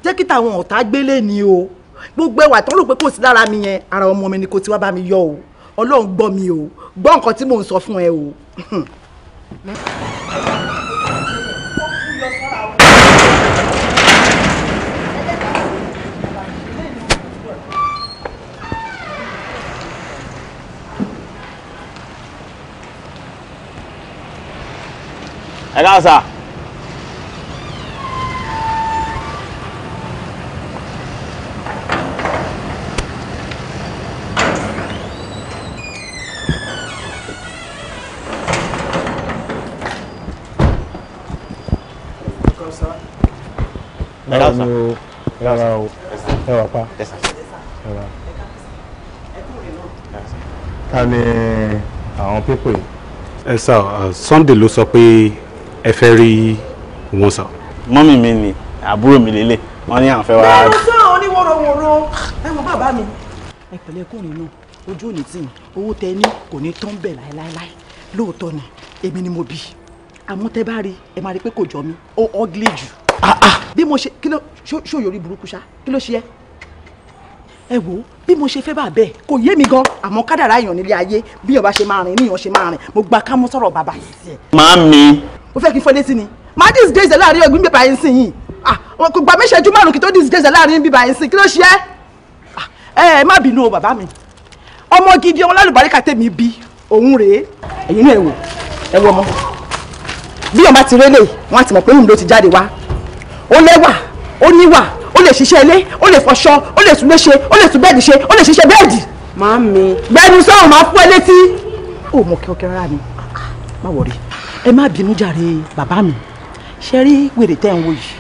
jẹ́ kí tàwọn ọ̀tá gbélé ni o gbogbo ẹwà tó rò pé kò sí lára mi yẹn ara ọmọ mi ni kò ti wá bá mi yọ o ọlọ́run gbọ́ mi o gbọ́ nǹkan tí mò ń sọ fún ẹ o. [LAUGHS] é ká sà. ẹ ká sà. o ẹ wà pa ẹ wà. ta ni uh, Sunday ló sọ pé ẹ fẹ́ rí wọn sàn. mọ́mì mi ni àbúrò mi lélẹ̀ wọ́n ní àǹfẹ́ wa. bẹ́ẹ̀ ló sọ oníwòròwòrò ẹ̀wọ̀n bàbá mi. ẹ pẹ̀lẹ́ kùnrin náà ojú òní tì owó tẹ ní kò ní tán bẹ̀ láéláéláé lóòótọ́ ni èmi ni mo bí àmọ́ tẹ bá rí ẹ máa rí pé kò jọ mi ó ọ́gílì jù. Ah, ah. bí mo ṣe kí ló ṣó yọrí burúkú ṣá kí ló ṣe ẹ́ ẹ wo bí mo ṣe fẹ́ bá bẹ́ẹ̀ kò yé mi gan àmọ́ kádàrá èèyàn nílé ayé bí èèyàn ṣe máa rìn níyàn ṣe máa rìn mo gba kámú sọ̀rọ̀ bàbá sí i o fẹ́ kí n fọlé sí ni màá disgrace láàrin ọ̀gbìn bíbá yín sìn yìí àwọn ah, kò gbà méṣẹ́jú márùn-ún kí tó disgrace láàrin bíbá yín sìn kí ló ṣe ah, ẹ ẹ má bínú o bàbá mi ọmọ gidi ọmọ lálùbáríkà tèmi bí òun rèé ẹ̀yin náà ẹ wò ẹ wò ọmọ bí ọmọ ti rélé wọn àti mọ̀ pé òun ló ti jáde wá ó lẹ́wà ó níwà ó lè ṣiṣẹ́ ilé ó lè fọṣọ ó lè tún léṣe ó lè tún bẹ́ẹ̀dì ṣe ó lè ṣiṣẹ́ bẹ́ẹ̀dì. màámi. gbẹnu sọ̀rọ̀ máa fún ẹ létí. ó mọ̀ kí ọkẹ́ rárá ni ah, má wọ̀rí ẹ má bínú jàre bàbá mi ṣe rí wèrè tẹ́ ń wo yìí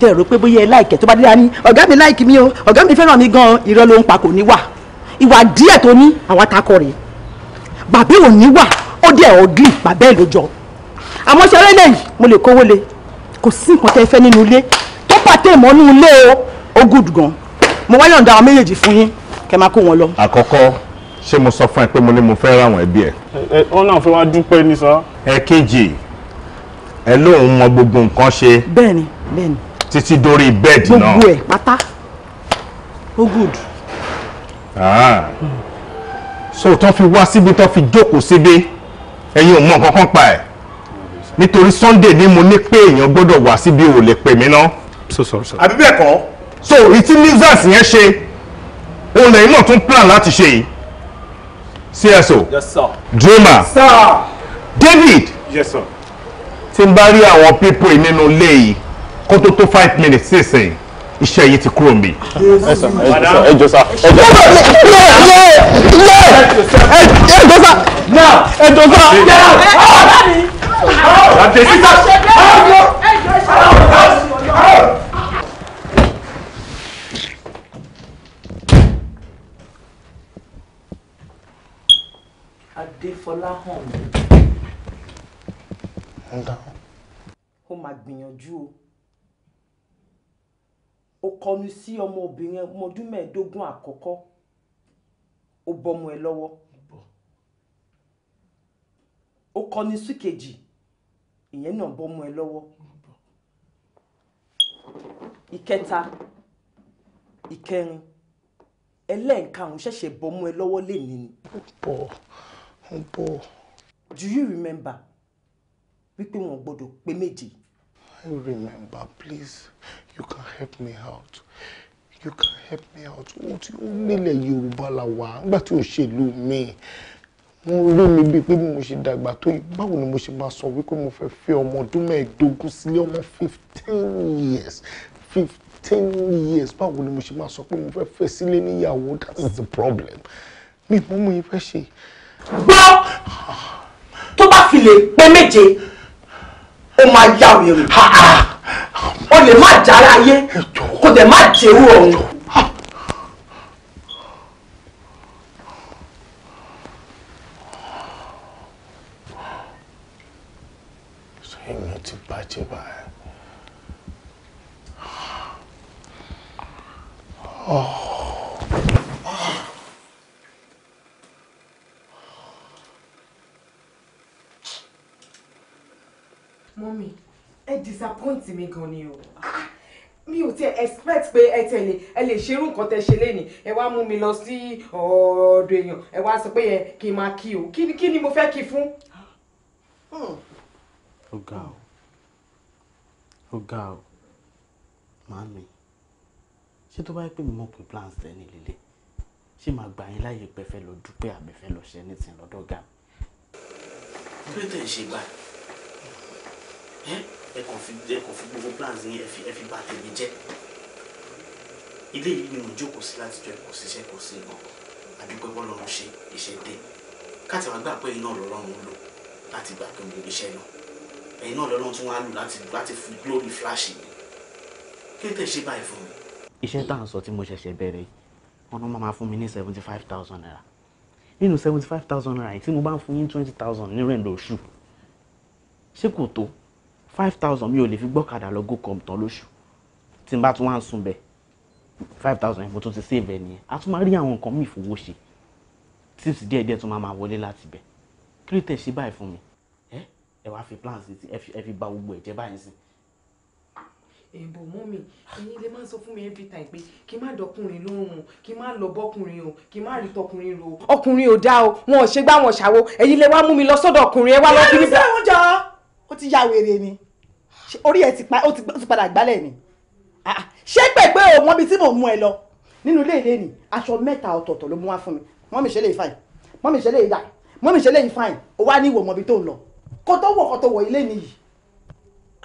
tẹ́ rò pé bóyá ẹ láìkẹ́ tó bá dé dání ọ̀gá mi láìkì mi o ọ̀gá mi fẹ́ràn mi gan irọ́ ló ń pa kò ní wà ìwà díẹ̀ tó ní àwa takọ rẹ̀ bàbá ò ní wà ó dẹ̀ ọ̀gì bàbá ẹ̀ ló àmọ́ ṣe eré lẹ́yìn mo lè kówó le kò sí nǹkan tẹ́ fẹ́ nínú ilé tó pàtẹ́ ìmọ̀ nínú ilé o ó gùd gan mo wá yọ̀ǹda àwọn méjèèjì fún yín kẹ́ máa kó wọn lọ. àkọ́kọ́ ṣé mo sọ fún ẹ pé mo ní mo fẹ́ ráwọn ẹbí ẹ. ẹ wọn náà fẹ́ wá dúpẹ́ ní sọ. ẹ kejì ẹ lóun mọ gbogbo nǹkan ṣe. bẹ́ẹ̀ni bẹ́ẹ̀ni. títí dórí bẹ́ẹ̀dì náà. gbogbo ẹ pátá ó good. Ah. so tó fi wá síbi tó fi jókòó síbi ẹ̀yin ò mọ nǹkan kan pa ẹ nítorí Sunday ni mo ní pé èèyàn gbọ́dọ̀ wá síbi ò lè pè mí ná. so sorry sorry. àbí bẹ́ẹ̀ kọ́. so ìtí lizards yẹn ṣe òun lẹ́yìn náà tún plan láti ṣe yìí CSO. Yes, sir. Drima. Sir. David. Yes, sir. Tí n bá rí àwọn people nínú ilé yìí kó tó tó five minutes sísìn iṣẹ́ yìí ti kúrò mi. Ẹ jọ sá. Ẹ jọ sá. Ẹ jọ sá. Ẹ jọ sá. Ẹ jọ sá. Ẹ jọ sá. Bọ̀dé Fọláhàn mi. Ó máa gbìyànjú o. Ó kọnu sí ọmọbìnrin ọmọ ọdún mẹ́ẹ̀ẹ́dógún àkọ́kọ́. Ó bọ́mọ ẹ lọ́wọ́. Ó kọnu sí kejì. Ìyẹn náà bọ́mọ ẹ lọ́wọ́. Ìkẹta, ìkẹrin, ẹlẹ́ẹ̀karùn-ún ṣẹ̀ṣẹ̀ bọ́mọ ẹ lọ́wọ́ lè ní ni. Ó Bo. Do you remember? Wípé wọn gbọ́dọ̀ pé méje. I remember, please. You can help me out. You can help me out. Ó ti ó nílẹ̀ Yorùbá la wà nígbà tí òṣèlú mi. Wọ́n rí mi bíi pé mo ṣe dàgbà tó yìí, báwo ni mo ṣe máa sọ wípé mo fẹ́ fẹ́ ọmọ ọdún mẹ́ẹ̀ẹ́dógún sílé ọmọ fifteen years fifteen years báwo ni mo ṣe máa sọ pé mo fẹ́ fẹ́ sílé níyàwó that is the problem. Mi mọ́ mo yẹ fẹ́ ṣe gbọ́ tó bá fi lè pé méje ó máa yá wèrè ó lè má jára ayé kò dẹ̀ má jẹ́wọ́ ọ̀hún. ẹ lè ṣerú nǹkan tẹ ṣe lẹ́nìí ẹ wá mú mi lọ sí ọ̀ọ́dọ̀ èèyàn ẹ wá sọ pé yẹn kí n máa kí o kí ni mo fẹ́ kí fún. Hmm. ó ga ọ ó ga ọ màámi ṣé tó bá yẹ pé mo mọ̀ pé plans tẹ ní lílé ṣé màá gbà yín láàyè pé fẹ́ lọ dúpẹ́ àbí fẹ́ lọ ṣe anything lọ́dọ̀ ga mi. kí ló tẹ̀ ṣe gbà ẹ kàn fi gbogbo plans yín ẹ fi bà tèmi jẹ́ ilé yìí ni mo jókòó sí láti jọ kò síṣẹ́ kò sí nǹkan àdúpẹ́ bọ́lọ́run ṣe iṣẹ́ dé káàtì wàá gbà iná lọ́lọ́run ń lò láti gbà pé mo lè náà ẹ̀yin náà lọ́lọ́run tún wàá lò láti láti fi glory flash mi kí n tẹ̀ ṣe báyìí fún mi. iṣẹ́ tá à ń sọ tí mo ṣẹ̀ṣẹ̀ bẹ̀rẹ̀ wọn náà máa fún mi ní seventy five thousand naira nínú seventy five thousand naira yìí tí mo bá ń fún yín twenty thousand ní rẹ̀ lóṣù ṣé kò tó five thousand mi ò lè fi gbọ́kadà lọ go compton lóṣù tí n bá tún wá ń sùn bẹ́ẹ̀ five thousand yẹn mo tún ti save ẹ nìyẹn a tún máa rí àwọn nǹkan míì fowó ṣe tips díẹ̀ díẹ̀ tún máa máa wọlé láti bẹ̀ kí ló tẹ̀ ṣe báyìí fún mi ẹ ẹ wá fi plan sí ti ẹ fi bà gbogbo ẹ̀ jẹ́ báyìí sí. ẹ̀bùn mú mi ẹ̀yin lè máa sọ fún mi every time pé kí n má dọkùnrin lóhùn kí n má lọ bọ́kùnrin o kì í má rí tọkùnrin ro. ọkùnrin ò dáa o wọn ò ṣe gbá wọn ṣàwo ẹ̀yin lè wá mú mi lọ sọ́dọ̀ ọkùnrin ẹ wá lọ kí nípa. ó ti ya wèrè ni ẹ ṣé pẹ̀pẹ́ o mọ́bi tí mò ń mú ẹ lọ nínú ilé ìlé ni aṣọ mẹ́ta ọ̀tọ̀ọ̀tọ̀ ló mú wá fún mi mọ́mi ṣe lè fàìn mọ́mi ṣe lè yà mọ́mi ṣe lè fàìn ó wá ní ìwò mọ́bi tó ń lọ kó tó wọ̀ kó tó wọ̀ ilé nìyí.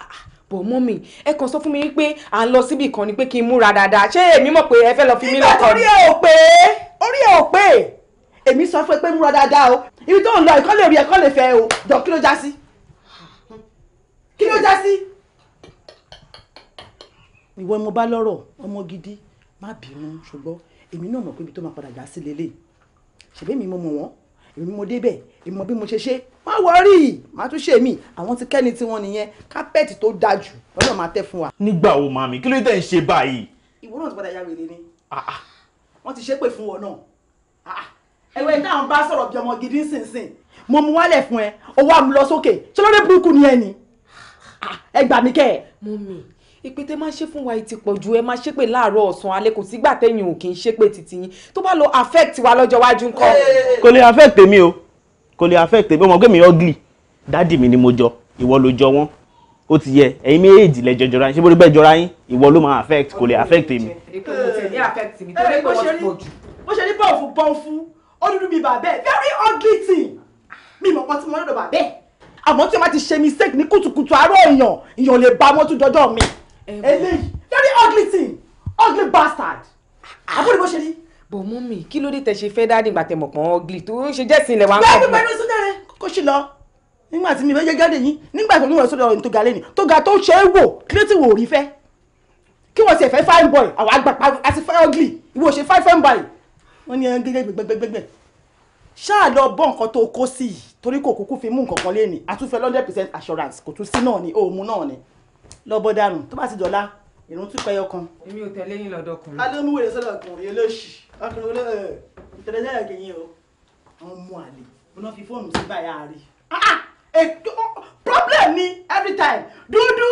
Ah, bò mọ́mi ẹ kàn sọ fún mi pé à ń lọ síbì kan ni pé kí n múra dáadáa ṣé èmi mọ̀ pé ẹ fẹ́ lọ fi mí lọ́kọ̀ ni. nígbà tó rí ẹ ò pé orí ẹ ò pé èmi sọ fún ẹ pé múra dáadáa o ibi ìwọ mo bá lọ́rọ̀ ọmọ gidi má bínú ṣùgbọ́n èmi náà mọ̀ pé ibi tó máa padà já sí lélẹ̀ ṣèbí mi mo mọ̀ wọ́n èmi mo débẹ̀ èmi mọ bí mo ṣe ṣe má wọrí má tún ṣe mí àwọn ti kẹ́ni tí wọ́n nìyẹn kápẹ́ẹ̀tì tó dáa jù lọ́dọ̀ máa tẹ́ fún wa. nígbà wo màmí kí ló dé ń ṣe báyìí. ìwọ náà ti padà ya wèrè ni ah, ah. wọ́n ti ṣépè fún wọn náà ah, ẹ̀wẹ̀ táwọn bá sọ̀rọ̀ bí ọmọ gidi sínsìn mo mú wálẹ̀ fún ẹ owó àmúlọ sókè ṣọlọ́dẹ burúkú ni ẹ ni ẹ gbà mí kẹ́ ẹ. mú mi ìpè tẹ máa ń ṣe fún wa ti pọ̀ ju ẹ máa ṣépè láàárọ̀ ọ̀sán alẹ́ kò sígbà tẹ̀yìn ò kì í ṣépè títí yín tó bá lọ affect wa lọ́jọ́ wájú ńkọ́. kò lè affect èmi o kò lè affect èmi ọmọ gẹ́mi ugly dáàdì mi ni mo jọ ìwọ ló jọ wọ́n ó ti yẹ ẹ̀yin méjèèjì lẹ jọ yín ṣé bó bẹ́ẹ̀ jọra yín ìwọ ló máa affect kò lè affect èmi. mi bó ṣe ní bọ́ọ̀ fún bọ́ọ̀ mi bàbẹ́ very ugly thing mi mọ̀ pọ́n tí mo lọ́dọ̀ bàbẹ́ àmọ́ tí wọ́n ti ṣe mistake ní kùtùkùtù àárọ̀ èèyàn èèyàn lè ba mọ́tò dọ́dọ̀ mi eléyìí very ugly thing ugly bastard àbúrò bó ṣe rí. bò mú mi kí ló dé tẹ ṣe fẹ́ dáadé ìgbà tẹ̀mọ̀ ugly tó ń ṣe jẹ́sìn ilẹ̀ wa ń kọ́. bẹ́ẹ̀ bí bẹ́ẹ̀ bí sún dára kó ṣe lọ nígbà tí mi fẹ́ jẹ́ gáde yín nígbà tó ń wọ̀ sódò tó ga lẹ́nu tó ga tó ṣe é wò kí ló ti wò rí fẹ́ kí wọ́n ti ẹ̀fẹ́ fine boy àwọn àgbà pa àti fine ugly ìwọ ṣe fine fine boy wọ́n ní gẹ́gẹ́gbẹ́gbẹ́gbẹ́ ṣáà lọ bọ́ nǹkan tó kó sí torí kò kúkú fi mú nǹkan kan lé ní àtúnfẹ́ one hundred percent assurance kò tún sí náà ni òun náà ni lọ́bọ̀ dànù tó bá ti dọ̀la ìrún tún pẹ́yọ kan. èmi ò tẹ̀lé yín lọ́dọ̀ ọkùnrin. alóhùn wèrè sọ́dọ̀ ọkùnrin olóṣì ọkùnrin olóṣì ìtẹ̀lẹ́ sẹ́yà kìíní o àwọn ọmọ àlè wọn fi fóònù sí báyà rí. Ah, ah, ètò problem ni every time dúdú.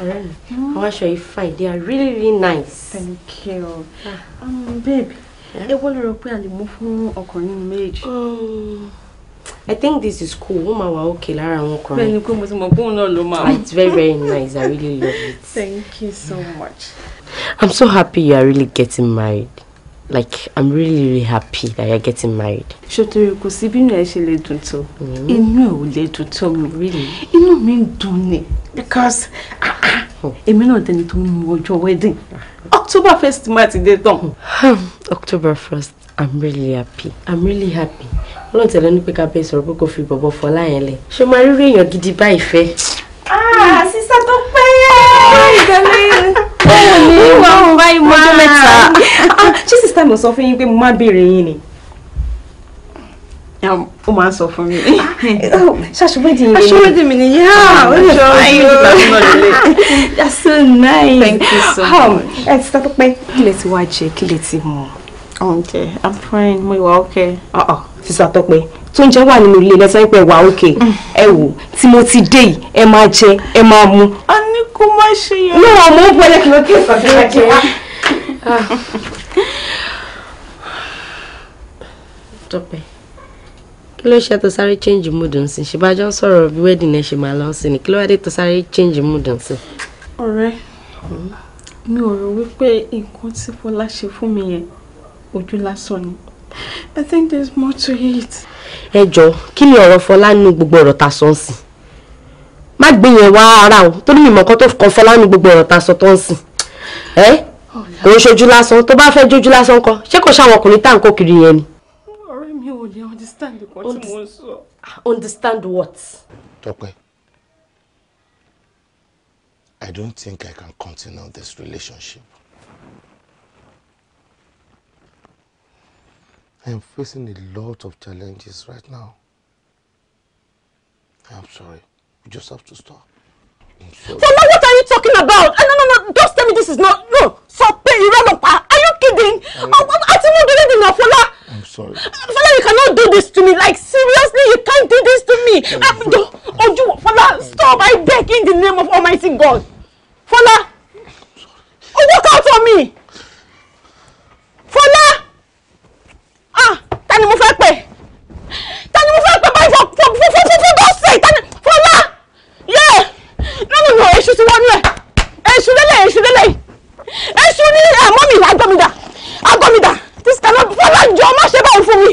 ọ̀rẹ́ mi àwọn aṣọ yìí fine they are really really nice. thank you ah. um, babe ewo eh? ló rò pé a lè mú fún ọkùnrin nínú méjì. Oh. I think this is cool. Ó máa wà okay lára wọn kan. Bẹ́ẹ̀ni pé mo ti mọ̀ pé òun náà ló máa. It's very very nice. I really love it. [LAUGHS] Thank you so much. I'm so happy you are really getting married. Like I'm really really happy that you're getting married. Ṣòtòrò kò sí bí inú ẹ ṣe lè dùn tó. Mm-hmm. Inú ẹ ò lè dùn tó mi. Really? Mm-hmm. Inú mi ń dùn ni because ah, ah, oh. èmi náà dẹni tó ń mú ọjọ́ wedding. October first máa ti dé tán. Hmm. [SIGHS] October first. I'm really happy. I'm really happy. Ọlọ́run tẹ̀lé ní pé ká bẹ́ẹ̀ sọ̀rọ̀ pé kò fi bọ̀bọ̀ fọlá yẹn lẹ̀. Ṣé o máa rí èèyàn gidi báyìí fẹ́? Ah, sísá tó pẹ́ yẹ́! Báwo ni ìwà òun báyìí mọ́ ọjọ́ mẹ́ta? Ah, ṣé sísá mi ò sọ fún yín pé mo máa béèrè yín ni? Ó máa ń sọ fún mi. Oh, Ṣàṣùwẹ́dì mi ni. Ṣàṣùwẹ́dì mi ni yá. Ó lè fọ ayé mi náà lélẹ̀. That's so nice. Thank you so oh, much. Ẹ ti sá tó pẹ́. Kí lè ti wá jẹ? Kí lè ti mu? okay i'm fine mo wà okay. Ah, ah, fisa tọpẹ tó ń jẹ wà nínú ilé lẹsẹ pé wà okay mm. ẹ wò tí mo ti dé yìí ẹ máa jẹ ẹ máa mu. a ní kó má ṣe yẹn. ní àwọn ọmọ ó bọ́lẹ̀ kí ló kí èso ah. àti ìrìnàjò wa. tọpẹ kí ló ṣe tó sáré change mood nsìn ṣe bá jọ ń sọ̀rọ̀ bí wedding ẹ ṣe máa lọ sí ni kí ló wá dé tó sáré change mood nsìn. ọ̀rẹ́ mi ò rò wípé nǹkan tí Fọlá ṣe fún mi yẹn ojú lásán ni I think there is more to it. ẹ jọ kí ni ọ̀rọ̀ Fọlá nínú gbogbo ọ̀rọ̀ ta sọ ń sìn má gbé yẹn wá ara o torí mi mọ̀ nǹkan tó kàn Fọlá nínú gbogbo ọ̀rọ̀ ta sọ tó ń sìn ẹ kò ń ṣojú lásán tó bá fẹ́ jójú lásán kọ ṣé kò ṣàwọn ọkùnrin tá à ń kó kiri yẹn ni. ọ̀rẹ́ mi ò lè understand nǹkan tí mo ń sọ. Ah, understand what. Tọ́pẹ́. I don't think I can continue this relationship. I am facing a lot of challenges right now. I'm sorry. You just have to stop. Fọlá, what are you talking about? Ah, no, no, no, don't tell me this is not. No, Stop! pé irọ́ ló Are you kidding? Ah, àti mo dúró dènà Fọlá. I'm sorry. Fola, you cannot do this to me. Like, seriously, you can't do this to me. Ah, ojú fola, stop. I beg in the name of Almighty God. Fọlá, oh, walk out on me. Fola ah ta ni mo fẹ́ pè ta ni mo fẹ́ pè báyìí fọ fọ fọ fọ fọ gọ́ọ̀sì ta ni fọlá yẹ lọ́nà ìwọ̀n èṣù ti wọnú ẹ̀ èṣù lélẹ̀ èṣù lélẹ̀ èṣù ní ẹ̀mọ́ mi àgọ́mìdà àgọ́mìdà ti sàlọ́ fọlá jọ má ṣe báyìí fún mi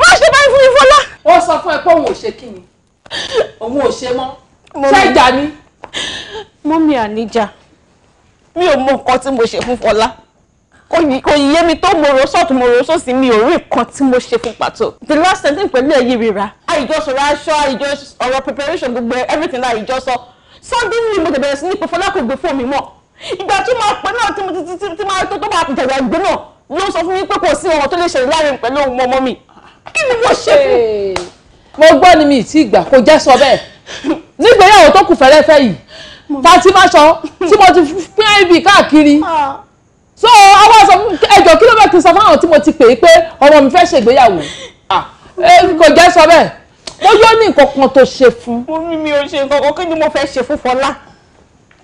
má ṣe báyìí fún mi fọlá. ó sọ fún ẹ pé òun ò ṣe kí ni òun ò ṣe mọ́ ṣé ìjà ni. mọ́mí àníjà mi ò mọ nǹkan tí mo ṣe fún fọlá kò yé mi tó mo ro sọ́ọ̀tù mo ro sósì mi ò rí nǹkan tí mo ṣe fún pàtó. the last sentence pẹ̀lú ẹ̀yí rira àìjọsọ̀rọ̀ aṣọ àìjọsọ ọ̀rọ̀ preparation gbogbo everything la àìjọsọ suddenly mo tẹ̀bẹ̀rẹ̀ sí ní pọ̀fọ́lákò gbé fóònù mi mọ́ ìgbà tó máa pẹ́ náà tí mo ti ti ti máa tó tó máa jàgbà gbé náà ló sọ fún mi pé kò sí ohun tó lè ṣẹlẹ̀ láàrin pẹ̀lú ohun ọmọ mi kí ni mo ṣe fún. mo gbọ́ ni mi ì tí ì gbà kó jẹ́ sọ bẹ́ẹ̀ nígbèyàwó tó kù fẹ́rẹ́fẹ́ yìí fatima sọ tí mo ti pín ibi so àwọn sọ ẹjọ kí ló bẹ ti sọ fáwọn tí mo ti pè é pé ọmọ mi fẹ́ ṣègbéyàwó ah. Ah, kò jẹ́ sọ bẹ́ẹ̀ mo yóò ní nǹkan kan tó ṣe fún. mo ní mi ò ṣe nǹkan kan kí ni mo fẹ́ ṣe fún Fọlá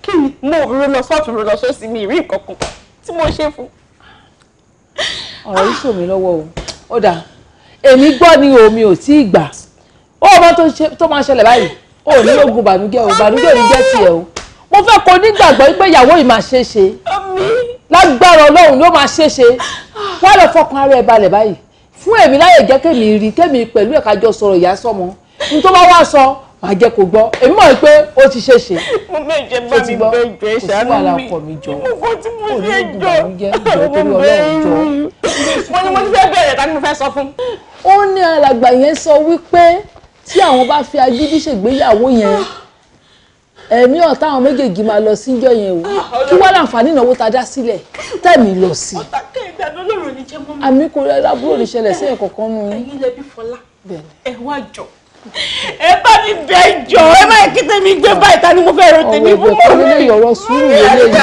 kí ni mo ro lọ sọ́ọ̀tún ro lọ sósì mi ìrí nǹkan kan tí mo ṣe fún. ọ̀rọ̀ yìí ṣò lọ́wọ́ o ó dáa èmi gbọ́ ni omi ò tí ì gbà ó ọmọ tó máa ṣẹlẹ̀ báyìí ó ní ogun bànújẹ́ o bànújẹ́ ò ní jẹ́ tiẹ̀ o mo fẹ́ kó nígbàgbọ́ pé ìyàwó ì máa ṣe é ṣe lágbára ọlọ́run ló máa ṣeéṣe wá lọ fọkàn ara ẹ balẹ̀ báyìí fún èmi láyè jẹ́ kémi rí kémi pẹ̀lú ẹ̀ka jọ sọ̀rọ̀ ìyá sọmọ n tó bá wá sọ màá jẹ́ kó gbọ́ èmi mọ̀ pé ó ti ṣeéṣe mo méje bá mi bẹ jọ mi mo kò tí mo ṣe jọ mo bẹ mo ní mo ti fẹ́ bẹ̀rẹ̀ tani mo fẹ́ sọ fún. ó ní alàgbà yẹn sọ wípé tí àwọn bá fi agídí ṣègbéyàwó yẹn ẹ̀mí ọ̀tá àwọn méjèèjì máa lọ síjọ́ yẹn o ah, kí wọ́n láǹfààní ìnáwó ta dá sílẹ̀ tẹ̀mí lọ sí. ọ̀tá kẹ́hìndé adọ́lọ́rọ̀ ní jẹ́ mọ́mọ́. àmì kò rẹ̀ lábúrò ní ṣẹlẹ̀ sí ẹ̀kọ́ kan nù yín. ẹ̀yin lẹbi fọlá ẹ wá jọ ẹ bá mi bẹ jọ ẹ má kí tèmi gbé báyìí ta mo fẹ́ rò tèmi fún mọ́mí. ọ̀rọ̀ ìbò yọ̀rọ̀ sùúrù lélẹ́yìn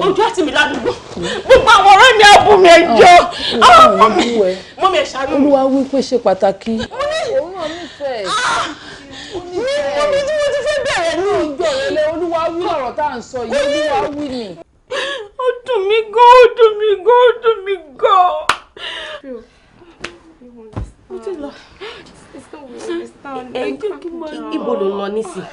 ojú àti mi ládùúgbò gbogbo àwọn ọ̀rẹ́ mi àbùn mi ẹjọ́ àwọn ọmọ mi mọ́mí ẹ̀ ṣàánú. olúwa wí pé ṣe pàtàkì òun náà nífẹ̀ẹ́. Ah níbi tí mo ti fẹ́ bẹ̀rẹ̀ ní ìjọ yẹn lé olúwa wí lọ̀rọ̀ tá à ń sọ yìí olúwa wí ni. ó dùn mí gan ó dùn mí gan ó dùn mí gan. ó ti lọ ibo ló ń lọ nísìn.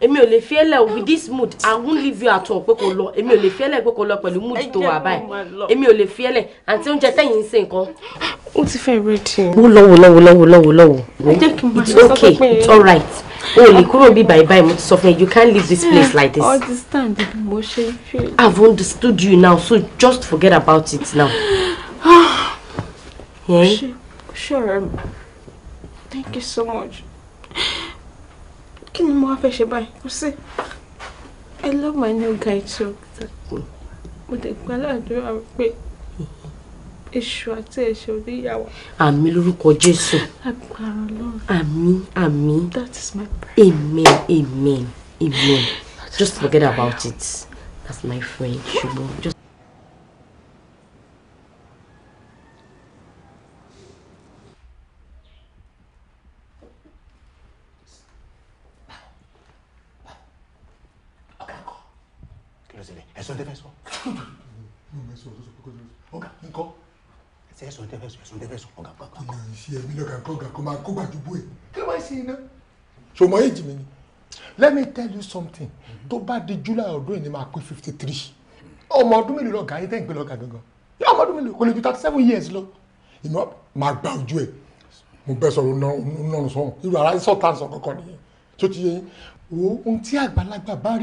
èmi ò lè fi ẹlẹ with this mood i won't leave you at all pé kò lọ èmi ò lè fi ẹlẹ pé kò lọ pẹ̀lú mood tó wà báyìí èmi ò lè fi ẹlẹ àǹtí oúnjẹ tẹ̀yìn ń ṣe nǹkan. ó ti fẹ́ rédí. wó lọ́wọ́ lọ́wọ́ lọ́wọ́ lọ́wọ́ lọ́wọ́ it's okay it's alright o lè kúrò bí bye bye mo ti sọ fún ẹ you can't leave this place like this. all this time bí mo ṣe ń fi. i've understood you now so just forget about it now. ṣe [SIGHS] ṣe ọ̀rẹ́ mi thank you so much Can you mo wá fẹ́ ṣe báyìí kò i love my new guy too mo dẹ̀ gba àdúrà pé èṣù àti ẹ̀ṣẹ̀ oníyàwó. àmín lórúkọ jésù. agbára ọlọ́run. àmín àmín. that is my amen amen amen just forget about it that's my friend ṣùgbọ́n just. ẹ̀sùn tẹ́fẹ́ sọ. ọ̀gá nǹkan ẹsẹ ẹsùn tẹ́fẹ́ sọ ẹsùn tẹ́fẹ́ sọ ọ̀gá gbàgbà. ọ̀gá ìṣe ẹ̀mí lọ́gà kọ́gà kó máa kó gbàdúgbò ẹ̀. kí ló máa ń ṣe iná. ṣòmọ èjì mi ni let me tell you something tó bá di july ọdún yìí ni máa pé fifty three ọmọ ọdún mélòó lọ́gà ayé tẹ́ ń gbé lọ́gà gangan yóò ọmọ ọdún mélòó kò lè ju thirty seven years lọ ìmọ̀ máa gba ojú ẹ̀ mo bẹ́ sọ̀rọ̀ nọ́ọ̀nù sọ̀hún irú ara sọ̀tà sọ̀ kankan nìyẹn tó ti yẹ wo ohun tí àgbàlagbà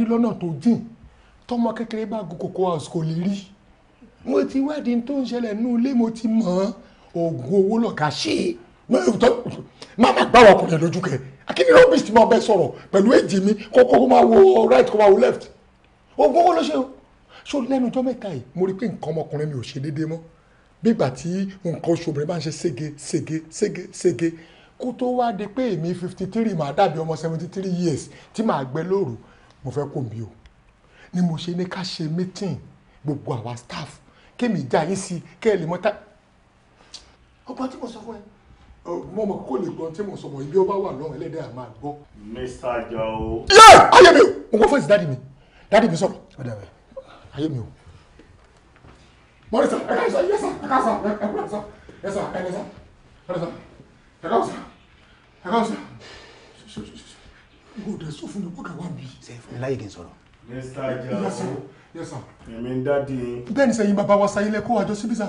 tọmọ kékeré bá gun cocoa house kò lè rí mo ti wádìí tó ń ṣẹlẹ̀ nínú ilé mo ti mọ̀ oògùn owó lọ̀gá ṣe má má gbá ọkùnrin lójú kẹ akíní rọ́bìsì tí mo bẹ sọ̀rọ̀ pẹ̀lú èjì mi kókó kó máa wo right kó máa wo left oògùn owó ló ṣe o so lẹ́nu ọjọ́ mẹ́ta yìí mo rí i pé nǹkan ọmọkùnrin mi ò ṣe déédéé mọ́ bígbà tí nǹkan oṣù obìnrin bá ń ṣe sége sége sége sége kó tó wá di pé èmi fifty three màá dàbí ọmọ seventy three years tí màá gbẹ lóru mo fẹ́ kó mi o ni mo ṣe ní ká ṣe meeting gbogbo àwa staff kémi já yín sí kẹ́ ẹ lè mọ́ta. ọgbọ́n tí mo sọ fún ẹ mo mọ̀ kó lè gbọ́n tí mo sọ mọ̀ ibi ó bá wà lọ́rùn ẹlẹ́dẹ̀ à máa gbọ́. Mr. Jao. yẹ ayé mi o mo kọ́ fẹ́ǹsì dáàdì mi dáàdì mi sọ̀rọ̀ ayé mi o. mọ̀rẹ́sà ẹ̀ka ìsọ̀ yẹ́sà ẹ̀ka ìsọ̀ ẹ̀kúrẹ́ ìsọ̀ yẹ́sà ẹ̀ka ìsọ̀ ẹ̀ka ìsọ̀ ẹ̀ka ìsọ̀ kò dẹ̀ sọ fún mi kó kà wá bí. sẹ́yìn fún mi láyé kí n sọ̀rọ̀. Mr. Jago. Yes sir. Èmi ń dádì yín. Bẹ́ẹ̀ni sẹ́yìn bàbá wa sayílẹ̀ kó àjọ síbí sà.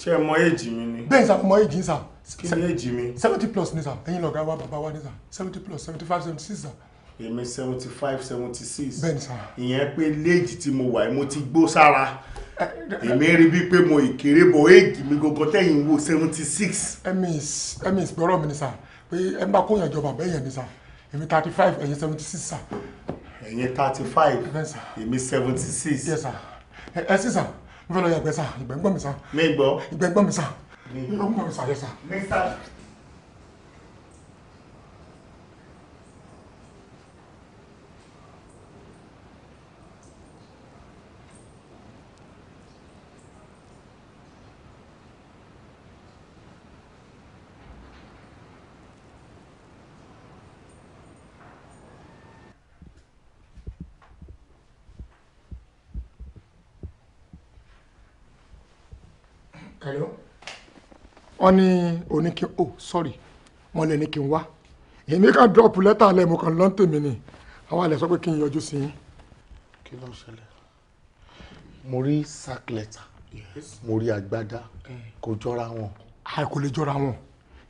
Ṣé ẹ mọ èjì mi ni? Bẹ́ẹ̀ni sà mo mọ èjì sà. Kí ni èjì mi? Seventy plus ni sà. Ẹ̀yin lọ̀gá wa bàbá wa ni sà. Seventy plus seventy five seventy six sà. Èmi seventy five seventy six. Bẹ́ẹ̀ni sà. Ìyẹn pé léèjì tí mo wà mo ti gbó sára. Èmi rí bí pé mo ìkéré bọ̀ éèjì mi gangan tẹ̀yìn wo seventy six. Emi's Emi's gbọ́rọ̀ mi ni sà pé ẹ bá kóyàn jọba bẹ́ẹ̀ yẹn ni sà. Èmi thirty five ẹ̀yin seventy six sà ẹ̀yin thirty five èmi seventy six. ẹ ẹ sísà n fẹ́ lọ yàgbẹ́ sà ìgbẹ́ ń gbọ́ mi sà. mi gbọ́. ìgbẹ́ ń gbọ́ mi sà. mi gbọ́ mi sà yẹ sà. mi sà. wọ́n ní oníkí o oh, sorry wọ́n lè ní kí n wá èmi kan drop lẹ́tà lẹ́ mo kàn lọ́n tèmi ni àwọn àlẹ́ sọ pé kí n yọjú sí yín. kí ló ń ṣẹlẹ̀ mo rí sack letter mo rí agbádá kò jọra wọn. àìkò lè jọra wọn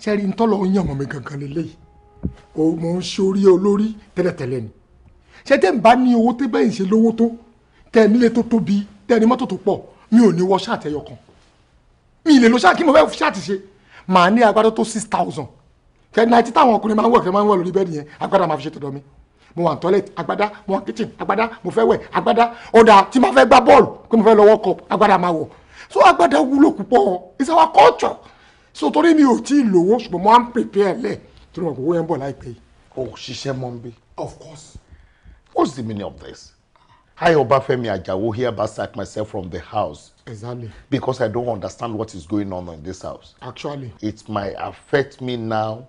ṣe rí ntọ́lọ́ ń yàn mi gangan lélẹ́yìí mo ń ṣe orí olórí tẹ́lẹ̀tẹ́lẹ̀ ni ṣé tẹ́ ń bá ní owó tẹ́ bẹ́ẹ̀ ń ṣe lówó tó tẹ́ ẹ nílé tó tóbi tẹ́ ẹ ní mọ́tò tó pọ̀ mi ò ní wọ ṣáàtì kan mi lè lo ṣáàkì mo fẹ́ ṣáàtì ṣe màá ní agbádá tó six thousand kẹ náìtì táwọn ọkùnrin máa ń wọ̀ kẹ máa ń wọ̀ lórí bẹ́ẹ̀ nìyẹn agbádá máa fi ṣe tọ̀dọ̀ mi mo wà ní tọ́lẹ̀tì agbádá mo wà ní kitchen agbádá mo fẹ́ wẹ̀ agbádá ọ̀dà tí ma fẹ́ gbá bọ́ọ̀lù pé mo fẹ́ lọ́wọ́ kọ agbádá máa wọ̀ so agbádá wúlò púpọ̀ it's our culture so torí mi ò tí ì lówó ṣùgbọ́n mo á ń prepare lẹ̀ torí mo kò wó yẹn ń bọ̀ láìpẹ́ yìí. o ṣiṣẹ́ mọ́ ń of course what's the meaning of this? I, Obafemi Ajawo, hereby sack myself from the house. Exactly. Because I don't understand what is going on in this house. Actually. It might affect me now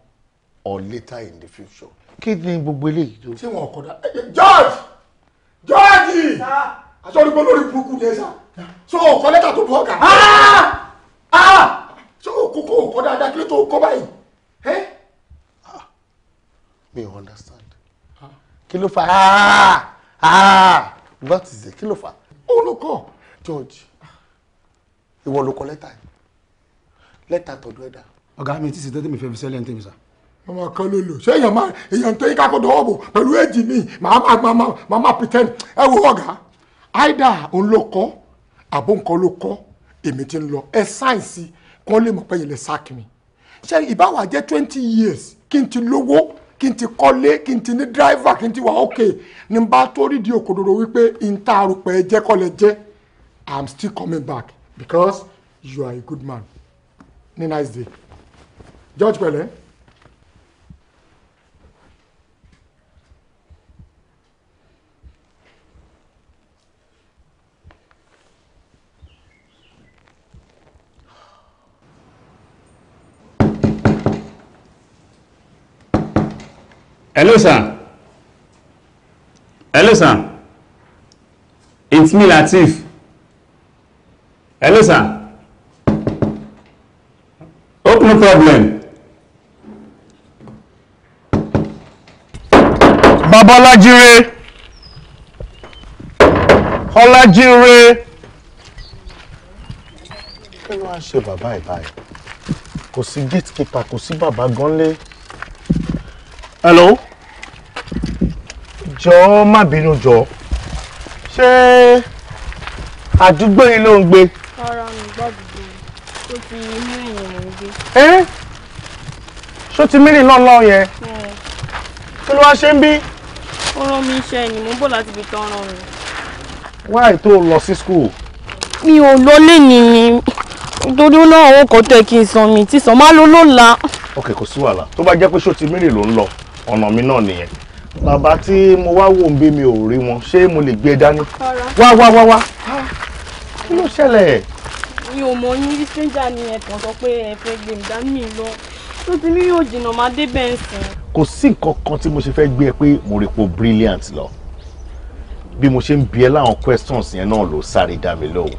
or later in the future. Kí ni gbogbo eléyìí tó? Ṣé wọn kọ̀ dá? Eh, eh, George! George! Àṣọ̀rí pé ah, lórí burúkú ni ẹ sá. Ṣé o kọ lẹ́tà tó bọ̀ ọ̀gá? Ah! Ah! Ṣé o kókó o kọ dáadáa kí ló tó kọ báyìí? understand. Kí ló Ah, á? that is it kilo ló fà òun ló George ìwọ ló kọ letter? Letter to tọ̀dọ̀ ẹ̀dá. ọ̀gá mi ti ṣe tẹ́tẹ́ mi fẹ́ fi sẹ́lẹ̀ ń tẹ̀mí sá. ọmọ kan ló lò ṣé èèyàn máa èèyàn tó yíká kó dọwọ́ bò pẹ̀lú èjì mi màá máa máa máa pretend ẹ wo ọ̀gá àìdá òun ló kọ àbó nǹkan ló kọ èmi ti ń lọ ẹ sáyẹ̀nsì kan lè mọ̀ pé ilẹ̀ sáàkì mi ṣé ìbáwá jẹ́ twenty years kí n ti lówó kí n ti kọ́lé kí n ti ní dráìvà kí n ti wà ókè ní bá tó rí di òkòdòdó wípé n ta àrùpẹ̀ ẹ̀jẹ̀ kọ́lẹ̀ jẹ́ i'm still coming back because you are a good man ní nice day George eh. hello sir hello sir it's me Latif hello sir hope no problem. babalajire ọlájire. kí ló wá ṣe bàbá ẹ̀ báyìí kò sí gatekeeper kò sí bàbá ganlé hello jọ̀ọ́ má binu jọ̀ọ́ ṣé àdúgbò yìí ló ń gbé. ọ̀rọ̀ mi gbọ́dọ̀ tó ti inú ẹ̀yìn mò ń gbé. ẹ́ ṣó ti mírìn náà lọ yẹn. kí ló wá ṣe ń bí. ó rán mi iṣẹ́ ni mo ń bọ̀ láti ibi tán rán mi. wáì tó lọ sí school. mi ò lọ lẹ́nìí ni nítorí náà owó kan tẹ̀ kí n san mi tí san má ló ló ok kò sí wàhálà tó bá jẹ́ pé ṣó ti mírìn ló ń lọ ọ̀nà mi náà nìyẹn bàbá tí mo wá wò ń bí mi ò rí wọn ṣé mo lè gbé dání wá wá wá wá kí ló ṣẹlẹ̀. mi ò mọ yín stranger ni ẹ̀kan sọ pé ẹ fẹ́ gbé mi dání lọ tó ti ní yóò jìnnà máa dé bẹ́ẹ̀ sìn. kò sí nǹkan kan tí mo ṣe fẹ́ gbé ẹ pé mo rí po brilliant lọ bí mo ṣe ń bi ẹ láwọn questions yẹn náà ló sáré dá mi lóhùn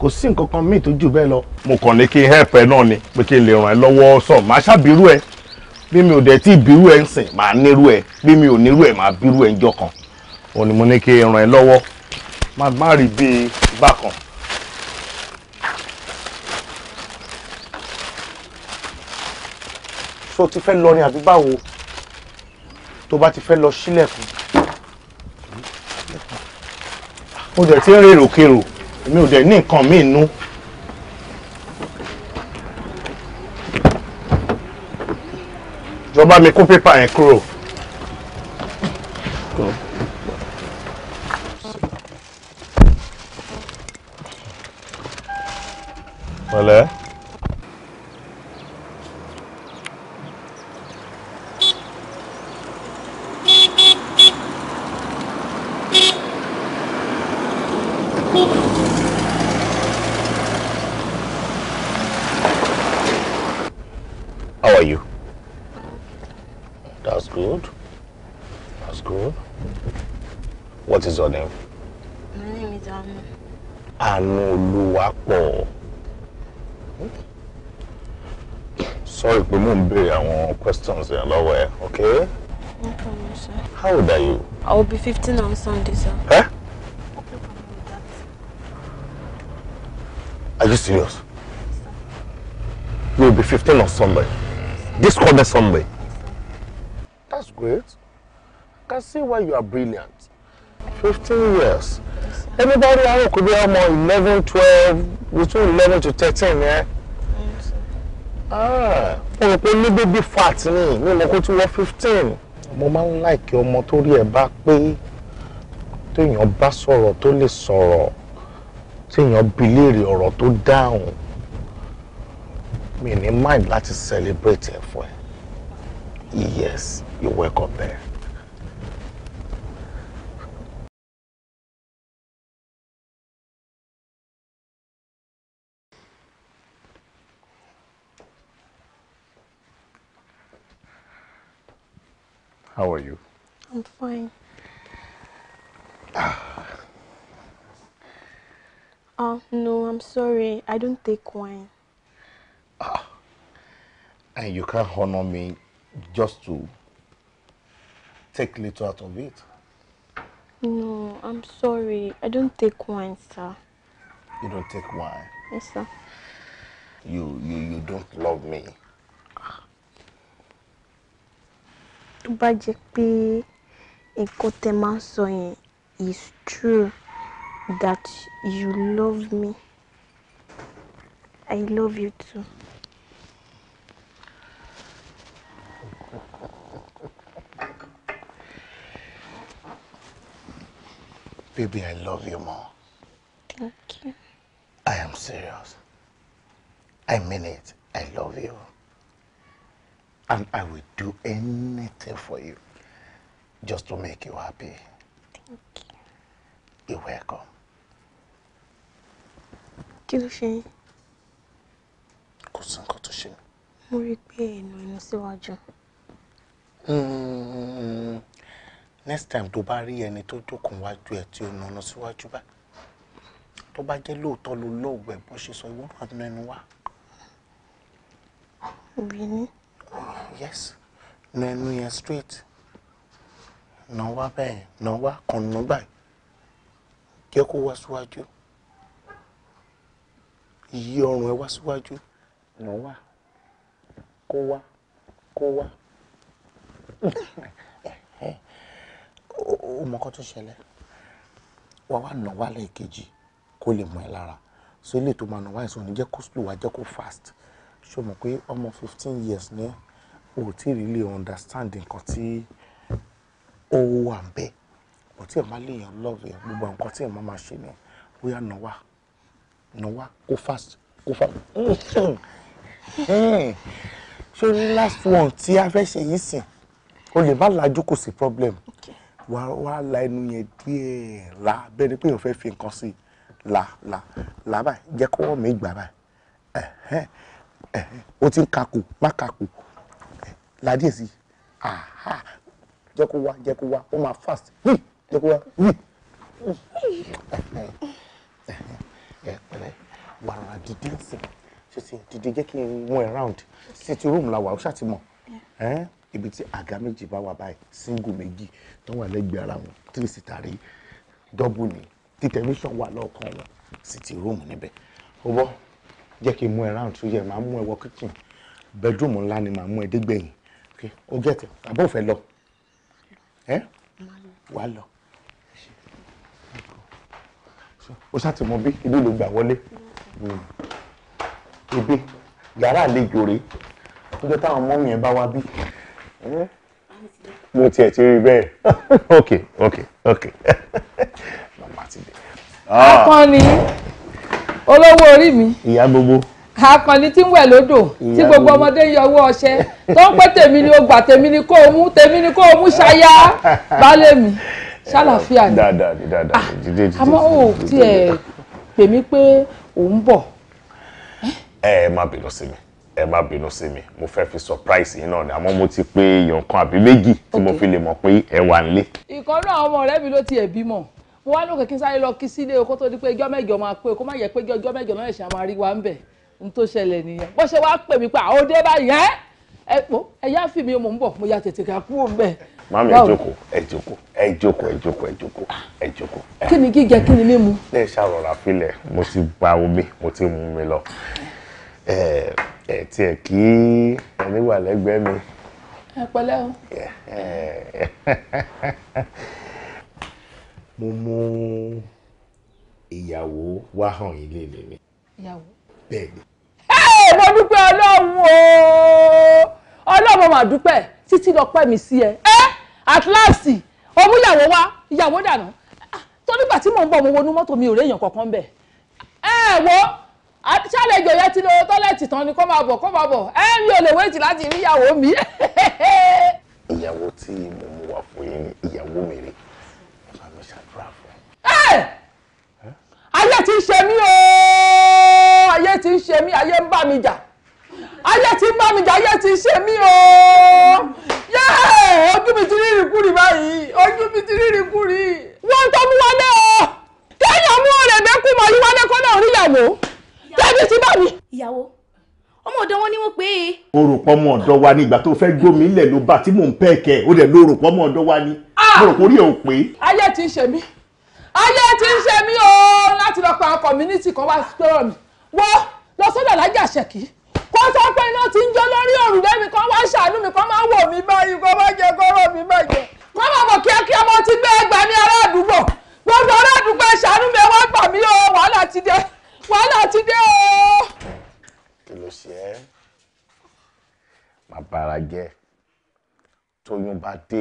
kò sí nǹkan kan míì tó jù bẹ́ẹ̀ lọ. mo kàn ní kí n help ẹ náà ni pé kí n lè ràn ẹ lọ́wọ́ sọ màá ṣàbírú ẹ bí mi ò dẹ̀ tí ìbírú ẹ̀ ń sìn máa nírú ẹ̀ bí mi ò nírú ẹ̀ máa bírú ẹ̀ ń jọ kan òun ni mo ní kí ràn ẹ́ lọ́wọ́ má má rí bíi bákan. tó ti fẹ́ lọ ni àbí báwo tó bá ti fẹ́ lọ sílẹ̀kùn. mo dẹ̀ ti ń rèrò kérò èmi ò dẹ̀ ní nǹkan míì nú. bá mi kó pépà yẹn kúrò. 15 on Sunday, sir. Eh? Are you serious? Yes, you will be 15 on Sunday. this quarter Sunday. That's great. I can see why you are brilliant. 15 years. Everybody else could be more 11, 12, between 11 to 13, yeah? Ah, mo only baby fat me. mi mọ̀ kó ti wọ 15 mo máa ń láìkí ọmọ tó rí ẹ bá pé téèyàn bá sọ̀rọ̀ tó lè sọ̀rọ̀ téèyàn bi léèrè ọ̀rọ̀ tó dáhùn mi ní mind láti celebrate ẹ fún ẹ yes you welcome there. How are you? I'm fine. oh, [SIGHS] no, I'm sorry. I don't take wine. Ah. And you can't honor me just to take little out of it? No, I'm sorry. I don't take wine, sir. You don't take wine? Yes, sir. You, you, you don't love me. tó bá jẹ́ pé nǹkan tẹ́ máa ń sọ yẹn is true that you love me I love you too. Baby, I love you more. Thank you. I am serious. I mean it. I love you. And I will do anything for you just to make you happy. Thank you. You're welcome. Kí ló ṣe Muripe, no sí nǹkan hmm. Next time tó bá rí ẹni tó jókòó wájú ẹ tí ó na ọ̀nà síwájú bá tó bá jẹ́ lóòótọ́ ló lọ́ọ̀gbẹ́ bó ṣe sọ ìwọ́n àti ẹnu wá. Obìnrin yes na ẹnu yẹn straight na wá bẹ́ẹ̀ na wá kànnà gbà jẹ́ kó wá síwájú yí ọrùn ẹ wá síwájú na wá kó wá kó wá ó mọ kó tó ṣẹlẹ̀ wá wá nà lẹ́ẹ̀kejì kó lè mọ ẹ lára so ilé tó máa nà wá ẹ̀sùn ò ní kó slow wá jẹ́ kó fast ṣó mọ̀ pé ọmọ fifteen years ni ẹ́ o ò really understand nǹkan tí ó wà bẹ́ẹ̀ kò tí ì má léèyàn love yẹn gbogbo nǹkan tí ì má máa ṣe ni bóyá nọwá nọwá kó fast kó fast ṣé ní last one tí a fẹ́ ṣe yìí sìn o lè má lajú kò sí problem wà wà la ẹnu yẹn díẹ̀ la bẹ́ẹ̀ ni pé o fẹ́ fi nǹkan sí la la la báyìí jẹ́ kọ́wọ́ mi gbà báyìí o ti ń kakù má kakù là díẹ̀ sí jẹ́ kó wá jẹ́ kó wá ó máa fast jẹ́ kó wá ẹ pẹ̀lẹ́ wàrà dìde ń sìn ṣe ti dìde jẹ́ kí n mú ẹ round sitting room la wà ó ṣàtìmọ̀ ibi tí àga méjì bá wà báyìí single méjì tó wà lẹ́gbẹ̀ẹ́ ara wọn three sita rí double ni tí tẹlifíṣàn wà lọ́ọ̀kan wọn sitting room níbẹ̀ ó bọ́ jẹ́ kí n mú ẹ round tó yẹ màá mú ẹ wọ kitchen bedroom ńlá ni màá mú ẹ dégbẹ̀yìn ok o gẹ̀tì àbọ̀ òfẹ́ lọ ẹ́ wà á lọ o ṣáàtì mọ bí ibi ló gbà wọlé hmm. ibi yàrá àlejò rèé níjọ́ táwọn mọ́mì ẹ̀ bá wá bí mo tiẹ̀ ti rí bẹ́ẹ̀ [LAUGHS] Okay, okay, okay. [LAUGHS] màmá ti dé. Ah. akọni olówó orí mi. ìyá gbogbo akànnì tí ń wẹ̀ lódò tí gbogbo ọmọdé ń yọwọ́ ọṣẹ tó ń pẹ́ tèmi ni ó gbà tèmi ni kó o mú tèmi ni kó o mú ṣayá baálé mi ṣàlàfíà ni dáadáa ni dáadáa jíde ah, jíde àmọ́ ò tiẹ̀ pè mí pé òun bọ̀. ẹ ẹ má bínú sí mi ẹ má bínú sí mi mo fẹ́ fi surprise yín náà ni àmọ́ mo ti pé èèyàn kan àbí méjì tí mo fi lè mọ̀ pé ẹ wà nílé. ìkan náà ọmọ ọ̀rẹ́ mi ló tiẹ̀ bímọ mo wá lókè kí n sáré lọ kí sílé o kó tó di pé ijọ́ mẹ́jọ máa pé kó má yẹ pé ijọ́ mẹ́jọ náà ṣe àmàrí wa ń bẹ̀ n tó ṣẹlẹ̀ nìyẹn bó ṣe wá pè mí pa òde báyìí ẹ ẹ pò ẹ yá fi mi mò ń bọ̀ mo ya tètè ká kúrò mbẹ. màmí ẹ jókòó ẹ jókòó ẹ jókòó ẹ jókòó ẹ jókòó ah. ẹ jókòó. kí ni gíga kí ni mímu. ẹ ṣàròrà filẹ̀ mo ti gba omi mo ti mú mi lọ ẹ ẹ kí ẹníwà lẹ́gbẹ̀ẹ́ mi. ẹ pẹ̀lẹ́ o. [LAUGHS] mo mú ìyàwó wá hàn yín lè lè ìyàwó bẹ́ẹ̀ ni. ẹ mo dúpẹ́ ọlọ́run o ọlọ́run mà dúpẹ́ títí lọ pẹ́ mi sí ẹ ẹ eh, at last òmùyàwó wa ìyàwó dànù ah, tó nígbà tí mò ń bọ̀ mo wọnú mọ́tò mi ò réèyàn kankan bẹ̀ ẹ eh, wo ṣàlejò yẹn ti lọ tọ́lẹ̀tì tán ni kó máa bọ̀ kó máa bọ̀ ẹ eh, mi ò lè wéjì láti rí ìyàwó mi. [LAUGHS] ìyàwó tí mo mú wá fún yín ìyàwó mi rè ọba mi ṣàdúrà fún. ayé ti ń ṣe mí o ayé ti ń ṣe mí ayé ń bá mi jà ayé ti ń bá mi jà ayé ti ń ṣe mí o yéè ojú mi ti rí ìrìkúrì báyìí ojú mi ti rí ìrìkúrì. wọ́n tó mú wọlé o kéèyàn mú ọ̀rẹ́ mẹ́kún mọ́ yí wọlé kọ́nà oríyàwó tẹ́bí ti bá mi. ìyàwó ọmọ ọ̀dọ̀ wọn ni wọ́n pè é. o rò pọ́ ọmọ ọ̀dọ̀ wa ni ìgbà tó fẹ́ gbómi ilẹ̀ ló bá tí mò ń pẹ́ kẹ́ o dẹ̀ ló rò pọ́ ọmọ ọ̀dọ̀ wa ni ah! mo rò kórìí ò pé. ayé ti ń ṣe mí ayé ti ń ṣe mí o láti lọ pa community kan wá sọ̀rọ̀ mi wọ́ lọ sọ́dọ̀ lájà ṣèkì kó sọ pé iná ti ń jó lórí òrùlé mi kan wá ṣàánú mi kan máa ń wò mí báyìí kó má jẹ kóró mi má jẹ kó má bọ̀ kíákíá mo ti gbé ẹgbàá ní ará àdúgbò gbogbo ará àdúgbò ẹ ṣàánú mi ẹ wá gbà mí o wàhálà ti dé wàhálà ti dé o. kí ló ṣe ẹ́ máa bára jẹ́ tóyún bá dé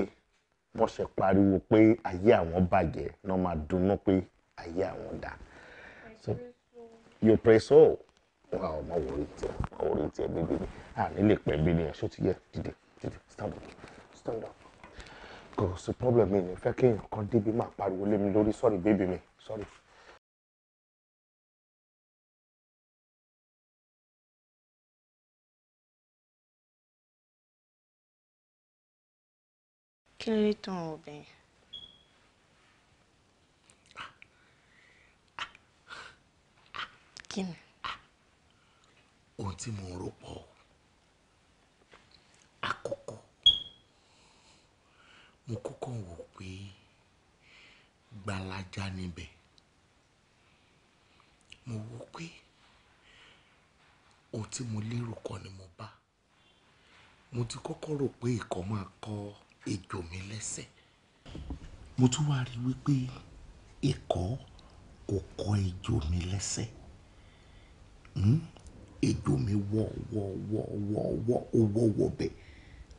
wọ́n ṣe pariwo pé ayé àwọn bàjẹ́ náà máa dunnú pé ayé àwọn dáa you pray so wà ọ máa wọrí tiẹ máa wọrí tiẹ bíbí ni à nílé pẹ bí ni ẹṣọ ti yẹ dìde dìde stand up stand up kò sí problem mi ni fẹ́ kí èèyàn kan débi máa pariwo lé mi lórí sorry baby mi sorry. kí ló dé tán obìnrin kí ni. ohun tí mo ń rò pọ̀ àkọ́kọ́ mo kọ́kọ́ wò pé gbalaja níbẹ̀ mo wò pé ohun tí mo lérò kan ni mo bá mo ti kọ́kọ́ rò pé ìkọ́ máa kọ́ ejò mi lẹ́sẹ̀ mo tún wá rí wípé ikọ̀ kò kọ́ ejò mi lẹ́sẹ̀ èdò mi wọ́ wọ́ wọ́ wọ́ wọ́ ó wọ́ wọ́ bẹ̀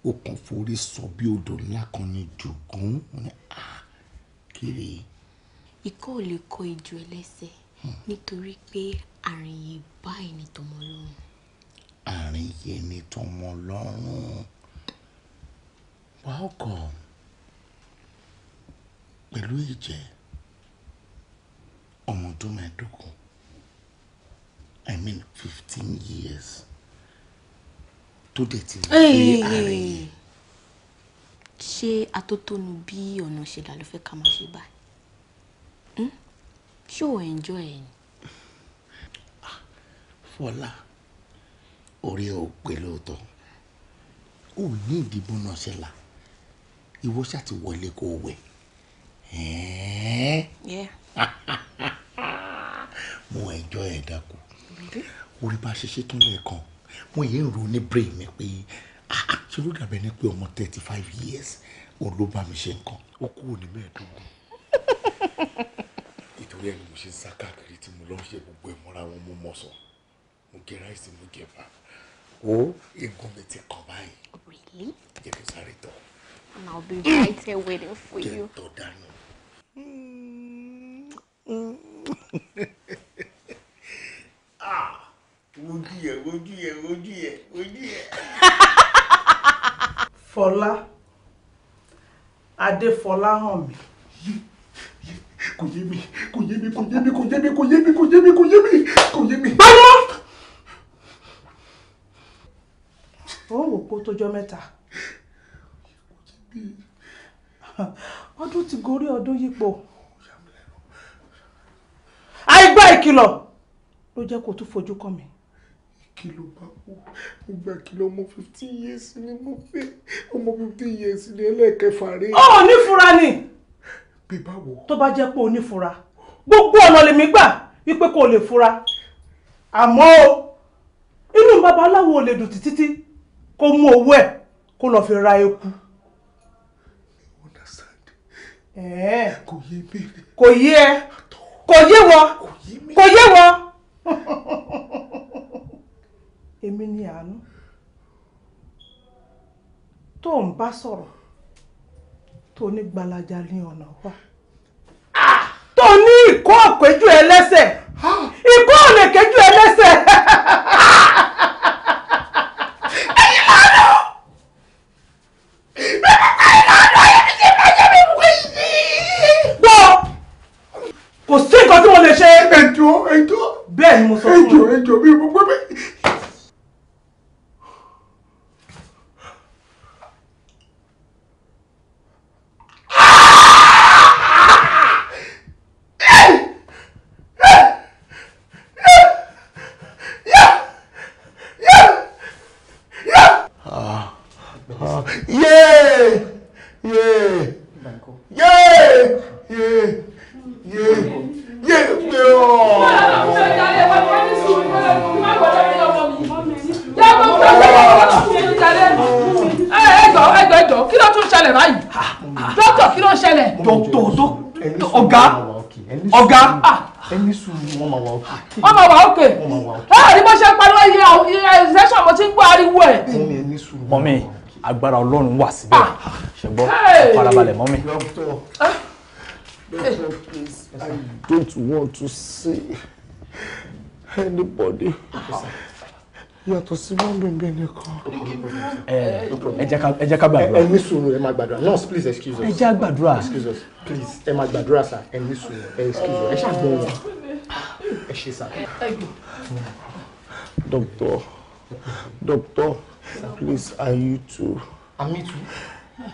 ó kàn forí sọ bí odò ńlá kan ní dùgún mo ní a kiri. ikọ́ ò lè kọ ìjọ ẹlẹ́sẹ̀ nítorí pé àrùn yìí báyìí ni tọmọ lọ́rùn. àrùn yìí ni tọmọ lọ́rùn. wàá kọ̀ pẹ̀lú ìjẹ́ ọmọ ọdún mẹ́ẹ̀ẹ́dógún i mean fifteen years tó dẹ̀ ti lè gbé ààrẹ yìí. ṣé atótónu bí ọ̀nà ṣe là ló fẹ́ ká máa ṣe báyìí hmm? ṣé ò enjoy ẹ̀ ni. Ah, fọlá orí ò pé lóòótọ́ ò ní ìdìbò náà ṣẹlá ìwọ ṣáà ti wọlé kó wẹ̀ [LAUGHS] mo enjoy ẹ̀ dákun orí bá ṣiṣẹ́ tún lẹ́ẹ̀kan wọ́n yìí ń ro ní brain mi pé ah, ah, ṣé ló dàbẹ̀ ni pé ọmọ thirty five years òun ló bá mi ṣe nǹkan ó kúrò ní mẹ́ẹ̀ẹ́dógún ìtòrí [LAUGHS] ẹni mo ṣe ń sá káàkiri tí mo lọ ń ṣe gbogbo ìmúra wọn mo mọ̀ sọ mo jẹ ráìsì mo jẹ bá o egun mi ti kàn báyìí jẹ kí n sáré tọ. and I'll be right here waiting for you. jẹ tọ dànù. Mm. [LAUGHS] wojú yẹ wojú yẹ wojú yẹ wojú yẹ. [LAUGHS] Fọlá Adéfọlá hàn mí. kò yé mi kò yé mi kò yé mi kò yé mi kò yé mi kò yé mi kò yé mi kò yé mi. báwo. ó wò kó tójọ́ mẹ́ta ọdún ti gorí ọdún yípo àìgbọ́ ìkìlọ̀ ló jẹ́ kó tún fojú kàn mí. kí ló bá kú mo gbà kí lọ ọmọ fifteen years ni mo fẹ́ ọmọ fifteen years ni ẹlẹ́ẹ̀kẹfà rẹ̀. ọ ò nífura ni. bí báwo. tó bá jẹ́ pé o nífura gbogbo ọ̀nà lèmi gbà wípé kò lè fura àmọ́ o inú babaláwo ò lè dùn títí kó mú owó ẹ̀ kó lọ́ọ́ fi ra eku kò yé ẹ kò yé wọ kò yé wọ èmi ni àánú tó ń bá sọ̀rọ̀ tó ní gbalaja ní ọ̀nà wa tó ní ìkó òkéjú ẹlẹ́sẹ̀ ìkó òlèkéjú ẹlẹ́sẹ̀. kò sí nǹkan tí wọ́n lè ṣe. ẹjọ́ ẹjọ́ bẹ́ẹ̀ ni mo sọ fún un. ẹjọ́ ẹjọ́ bí mo gbé bẹ́ẹ̀. agbára ọlọ́run wà síbẹ̀ ṣùgbọ́n farabalẹ̀ mọ́ mi. Ah, I don't want to see anybody. Yàtọ̀ sí wọ́n nìkan. Ẹ jẹ́ ká gbàdúrà. Ẹ ní sùúrù ẹ máa gbàdúrà. Nurse please excuse us. Ẹ jẹ́ gbàdúrà. Excuse us please ẹ máa gbàdúrà sir. Ẹ ní sùúrù ẹ excuse us. Ẹ ṣàgbọ́n wọn. Ẹ ṣe sir. Doctor, doctor. Please, are you too? I'm I too?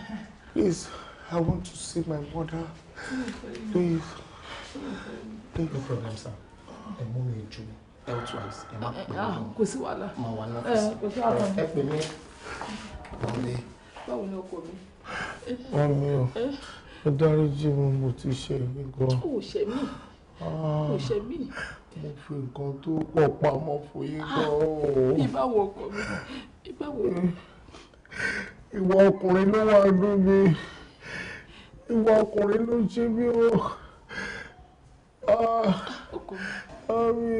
Please, I want to see my mother. Please. Please. No problem, sir. Ẹ mú mi jù elsewise. Ẹ má pè mí. Ah, kò sí wàhálà. Mà wà ní eh, ọ́fíìsì. Kò sí wàhálà. Ẹ pè mí. Wọlé. Báwo ni ọkọ mi? Wọ́n mi ò. Ó dáríjì mi mo ti ṣe ìgbìgbọ́. Ó kò ah. ṣe mí. mo fi nǹkan tó pọ̀ pamọ́ fún yín ah, gan o. ìbáwo ọkọ mi ìbáwo. ìwà ọkùnrin ló wà lórí mi ìwà ọkùnrin ló ṣe mí o. Ah, ọkọ mi àmì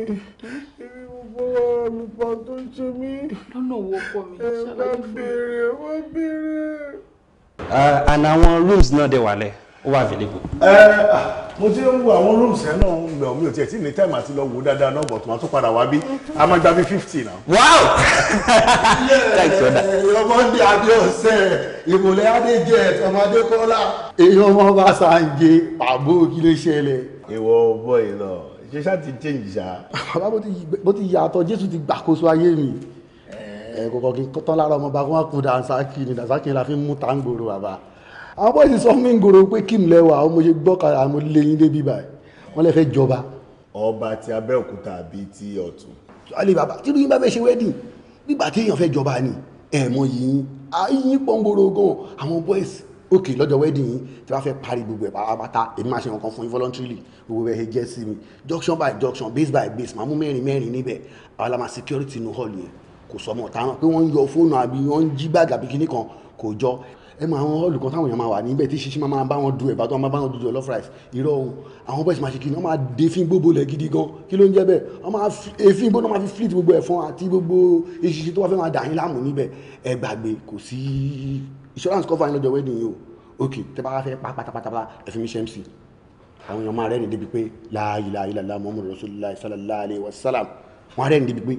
ibi gbogbo tó ṣe mí. lọ́nà wo ọkọ mi ṣàlàyé fún mi. ẹ má béèrè ẹ má béèrè. and àwọn rooms náà dẹ̀ wà ó wà available. ẹ mo ti ń wo àwọn rooms ẹ náà ń gbẹ omi ò tiẹ̀ tí ní time àti lọ wò dáadáa náà bọ̀ tó máa tó padà wá bí a máa gba bí fifty náà. wow [LAUGHS] thanks for that. ọmọdé adéọsẹ ìmùlẹ̀ adéjẹ ọmọdé kọ́lá èyí ọmọ bá sàǹjẹ pàbó kí ló ṣẹlẹ̀. ìwọ bọ́ yìí lọ ṣe ti change ṣá. bàbá bó ti yàtọ̀ jésù ti gbàkóso ayé mi kọ̀ọ̀kan kí n tán lára ọmọ bá wọn kú dànsákì ni dànsákì la fi mú tàǹgbòrò bàbá àwọn bọ́ọ̀sì sọ mí ngoro pé kí n lẹ́wà àwọn mo ṣe gbọ́ kára àwọn lẹ́yìn débi báyìí wọ́n lè fẹ́ jọba. ọba ti Abẹ́òkúta àbí ti Ọ̀tún. alẹ́ bàbá kí ló yín bá fẹ́ ṣe wẹ́dìn nígbà tí èèyàn fẹ́ jọba ni ẹ̀ẹ̀mọ yìí ayín pọ́ngboro gan àwọn bọ́ọ̀sì òkè lọ́jọ́ wẹ́dìn yìí tí wọ́n fẹ́ parí gbogbo ẹ̀ pátá èmi máa ṣe nǹkan fún yín voluntarily gbogbo ẹ̀ jẹ́ sí mi junction by junction base by base màá mú mẹ́rin mẹ́rin níbẹ̀ àwọn la security inú hall yẹn kò sọmọ táwọn pé wọ́n ń yọ fóònù àbí wọ́n ń jí báàgì àbí kinní kan kò jọ ẹ mọ àwọn olùkọ́ táwọn èèyàn máa wà níbẹ̀ tí ṣíṣí máa bá wọn du ẹ̀bà tó máa bá wọn du jollof rice irọ́ ohun àwọn boys máa ṣe kí ni wọ́n máa de fín gbogbo lẹ̀ gidi gan kí ló ń jẹ́ bẹ́ẹ̀ wọ́n máa efín gbogbo máa fi flit gbogbo ẹ̀fọn àti gbogbo eṣiṣi tó wá fẹ́ máa dà yín láàmú níbẹ̀ ẹ gbàgbé kò sí insurance cover yín lọ́jọ́ wedding yìí o ok tẹ́ bá fẹ́ pa pátápátá ẹ fi mí ṣe mc àwọn èèyàn máa rẹ́ni débi pé láàyìláyìlá muhammadu rasulillah sallallahu alayhi wa sallam wọ́n rẹ́ni débi pé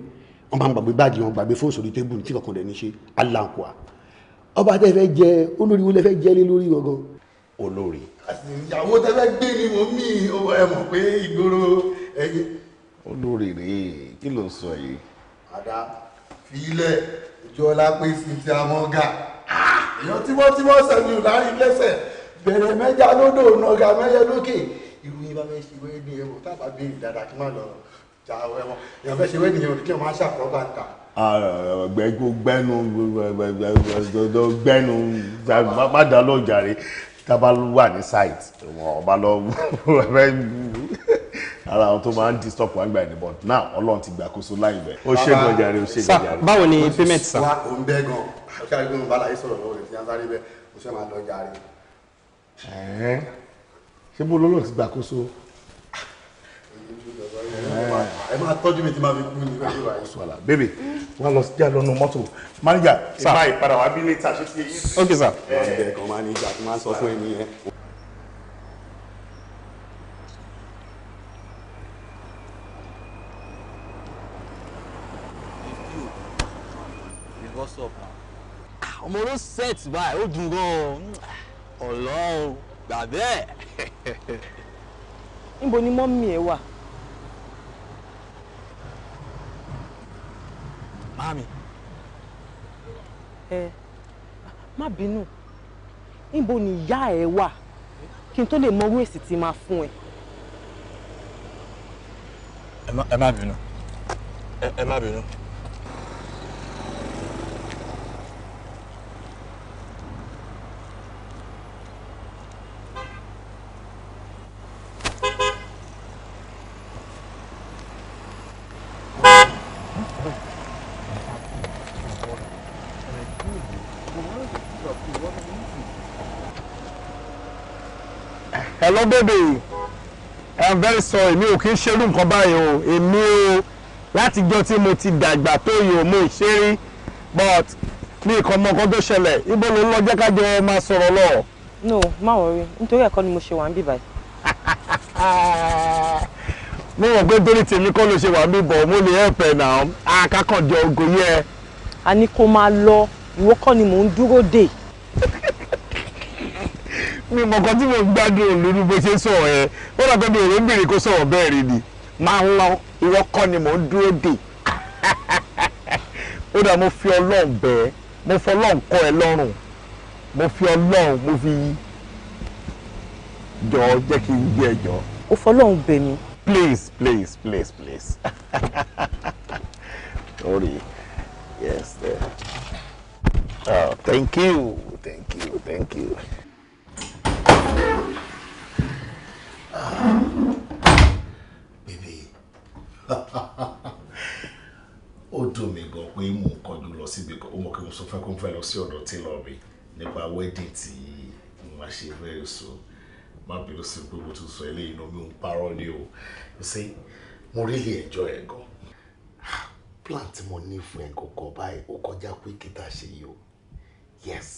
wọ́n bá ń gbàgbé báàgì wọn gbàgbé fóònù sórí tébù ní tí kankan dẹ̀ ní ṣe aláǹkùá ọba tẹ́ fẹ́ jẹ olórí wo lẹ fẹ́ jẹ lé lórí gangan. olórí. ìyàwó tẹ́ fẹ́ gbé ni mo mí ẹ mọ̀ pé ìgboro ẹyẹ. olórí rèé kí ló ń sọ yìí. àdá filẹ ìjọba pé sí ti amọ́gà ah! èèyàn tímọ́tímọ́ sẹ́ni ò láàrin lẹ́sẹ̀ bẹ̀rẹ̀ mẹ́jà lódò nàgà mẹ́yẹ lókè ìròyìn bá fẹ́ ṣe wẹ́ẹ́ ní ẹ̀wọ̀n tábà bẹ́ẹ̀ dáadáa kí má lọ jà ẹ̀wọ̀n èèyàn fẹ́ ṣe wẹ́ẹ́ nìyẹn òdìkẹ́ wọn á ṣàkóbá ń ta gbẹ́gbó gbẹ́nu gbẹ́nu má dá lọ́jà rẹ̀ tábà wà ní site wọn ọba lọ [LAUGHS] ara àwọn tó máa ń disturb wọn gbà ní but now ọlọ́run ti gbàkóso láì bẹ̀ ó ṣe gbọ̀jà rẹ̀ ó ṣe gbọ̀jà rẹ̀. báwo ni payment sa. wa ò ń bẹ́ gan kí a gbé balaye sọ̀rọ̀ lọ́wọ́ rẹ̀ tí a sáré bẹ́ẹ̀ kò ṣe máa lọ́jà rẹ̀. ṣé bó lọ́lọ́ ti gbàkóso ẹ máa tọ́jú mi tí máa fi kú ní ìwà ìwà wọn lọ sí àlọ́nu mọ́tò máníjà sá ìmá ìpadà wà bí létà ṣé ti yé. ok sá. ẹ ẹ kàn máa ní ìjà tí máa ń sọ fún ẹni yẹn. Ah, ọmọ ló set báyìí ó dùn gan-an ọlọ́run gbà [LAUGHS] níbo ni mọ́mí ẹ wà. Mami. Ẹ má bínú, níbo ni ìyá ẹ wà kí n tó lè mọrú èsì tí máa fún ẹ? Ẹ má bínú, ẹ má bínú. lọ́gbẹ̀dẹ̀ I am very sorry mi ò kí ń ṣerú nǹkan báyìí o èmi o látijọ́ tí mo ti dàgbà tó yìí o mo ṣe rí but mi kàn mọ nǹkan tó ṣẹlẹ̀ ibo ló ń lọ jẹ́ ká jọ máa sọ̀rọ̀ lọ. no má wọrí nítorí ẹ̀kọ́ ni mo ṣe wà ń bì báyìí. [LAUGHS] mo mọ̀ pé torí tèmi kọ́ ló ṣe wà ń bì bọ̀ mo lè ẹ̀pẹ̀ náà akákànjọ ògòyẹ. a ní kó máa lọ ìwọ kọ́ ni mò ń dúró dè. [LAUGHS] mi mọ̀kàn tí mo gbádùn lórí bó ṣe sọ̀rọ̀ ẹ̀ ó rà pé mi ò lóbìnrin kó sọ̀rọ̀ bẹ́ẹ̀ rí ni máa ń lọ ìwọ kọ́ ni mò ń dúró dè ó dà mo fi ọlọ́run bẹ́ẹ̀ mo fi ọlọ́run kọ́ ẹ lọ́rùn mo fi ọlọ́run mo fi jọ jẹ́ kí n gbé ẹ jọ. ó fọlọ́run bẹ̀ mí. please please please please sorry [LAUGHS] yes uh, oh, thank you thank you thank you bébé [LAUGHS] ó dùn mí gan pé mò ń kọjú lọ síbi kan ó mọ̀ kí mo sọ fẹ́ kó n fẹ́ lọ sí ọ̀dọ̀ tí lọ mi nípa wedding tí mo máa ṣe very soon má bínú sí pé mo tún sọ eléyìí náà mi ò ń parọ́ ni o you see mo really enjoy ẹ̀ gan plan tí mo ní fún ẹ̀ gọ̀gọ̀ báyìí ó kọjá pé kí tá a ṣe yìí o yes.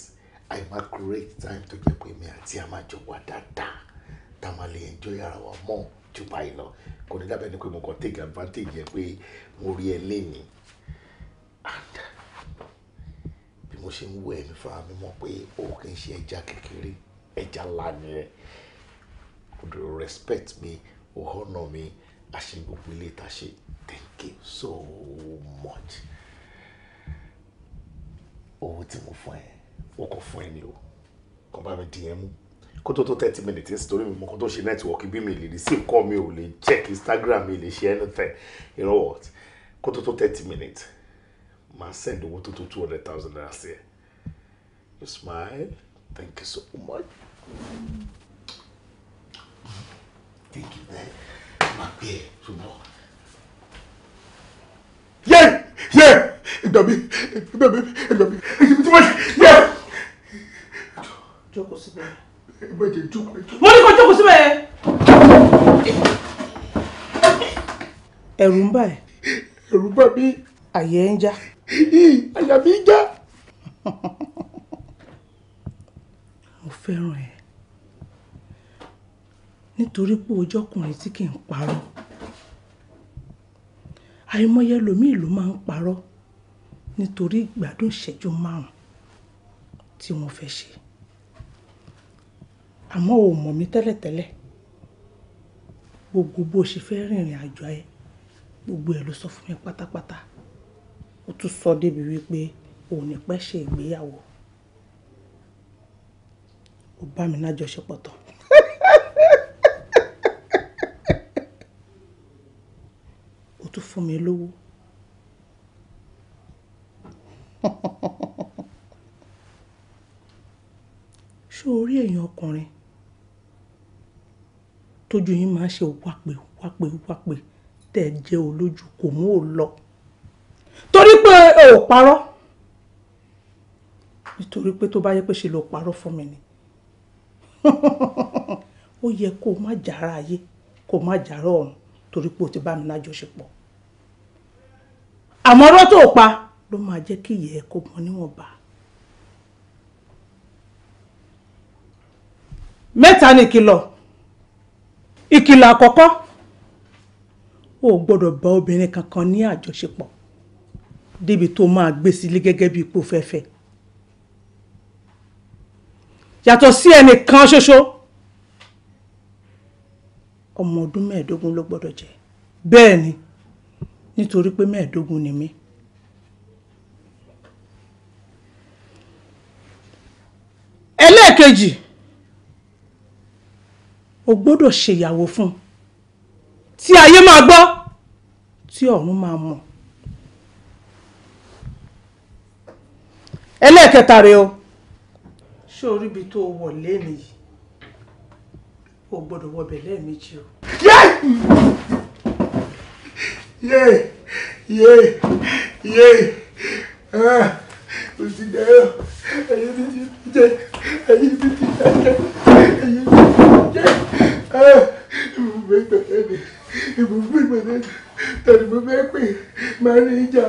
I ma create time to jẹ́ pé mi àti a máa jọ wà dáadáa tá a máa lè enjoy ara wa mọ́ ju báyìí lọ kò ní dábẹ́ ni pé mo kàn take advantage yẹn pé mo rí ẹ lẹ́yìn and bí mo ṣe ń wo ẹ̀mí fúnra mi mọ̀ pé o kì í ṣe ẹja kékeré ẹja ńlá ni ẹ respect mi o honour mi àṣẹ gbogbo ilé ìta ṣe thank you so much owó tí mo fún ẹ wọ́n kàn fún ẹ ní o kàn bá mi dìyẹn mú kó tó tó thirty minutes ní sítorí mi mo kó to ṣe network bí mi lè rí call nǹkan mi ò lè check Instagram mi lè ṣe anything you know what kó tó tó thirty minutes máa send owó tó tó two hundred thousand naira sí you smile thank you so much thank you then eh? máa gbé ẹ yẹ yẹ ìdọ̀bí ìdọ̀bí ìdọ̀bí ìdọ̀bí tí wọ́n ti yẹ. jókòó síbẹ̀. ìbẹ̀jẹ̀ jókòó. mo ní kó jókòó síbẹ̀. ẹ̀rù ń bà ẹ́. ẹ̀rù bà mí. àyẹ̀ ń já. àyà mi ń já. mo fẹ́ràn ẹ nítorí pé ojú ọkùnrin tí kì í parọ́ àìmọye ẹlòmíì ló máa ń parọ́ nítorí ìgbádùn ìṣẹ́jú márùn-ún tí wọ́n fẹ́ ṣe àmọ́ ò mọ̀ mí tẹ́lẹ̀tẹ́lẹ̀ gbogbo bó ṣe fẹ́ rìnrìn àjò ẹ gbogbo ẹ̀ ló sọ fún mi pátápátá ó tún sọ débi wípé òun ní pẹ́ ṣe ìgbéyàwó ó bá mi lájọṣepọ̀ tán fún mi lówó. [LAUGHS] Ṣé o rí ọkùnrin tójú yín máa ṣe wápé wápé wápé tẹ̀ jẹ́ olójú kò mú ò lọ torí pé o ò parọ́ nítorí pé tó bá yẹ pé ṣe ló parọ́ fún mi ni [LAUGHS] ó yẹ kó má jàrá ayé kó má jàrá ọ̀run torí pé o ti bá mi lájọṣepọ̀ àmọ́ ọ̀rọ̀ tó pa ló máa jẹ́ kí ìyẹ́ kó mọ níwọ̀nba. mẹ́ta ni ìkìlọ̀ ìkìlọ̀ àkọ́kọ́ o gbọ́dọ̀ bá obìnrin kankan ní àjọṣepọ̀ débi tó máa gbé sílé gẹ́gẹ́ bí ipò fẹ́fẹ́ yàtọ̀ sí ẹnìkan ṣoṣo ọmọ ọdún mẹ́ẹ̀ẹ́dógún ló gbọ́dọ̀ jẹ́ bẹ́ẹ̀ ni nítorí pé mẹ́ẹ̀ẹ́dógún ni mí. ẹlẹ́ẹ̀kejì o gbọ́dọ̀ ṣèyàwó fún un tí ayé máa gbọ́ tí ọ̀run máa mọ̀. ẹlẹ́ẹ̀kẹta rèé o ṣé orí ibi tó wọ̀ lẹ́nu yìí o gbọ́dọ̀ wọbẹ̀ lẹ́ẹ̀mejì o yé yé yé ah, kò sí dẹ́rọ ẹ̀yin mi ti jẹ ẹ̀yin mi ti jẹ ẹ̀yin mi ti jẹ ah, ibùgbé gbẹ̀dẹ̀ mi ibùgbé gbẹ̀dẹ̀ mi tẹ̀lé mi bẹ́ẹ̀ pé máa ní ìjà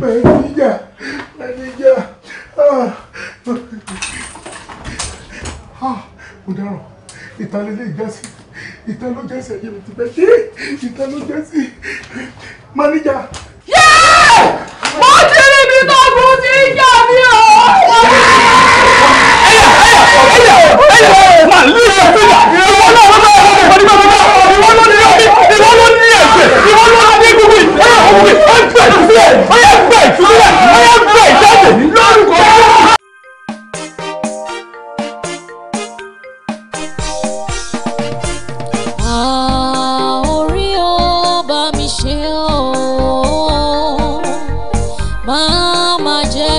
máa ní ìjà máa ní ìjà ah, mo dáràn ìtàlélẹ́ ìjásí ìtẹ́lójẹ́sẹ̀ yìí mi ti bẹ́ ṣe ìtẹ́lójẹ́sẹ̀ máníjà. mo ti rí ibi tó kú sí ìjà mi o. Lọ!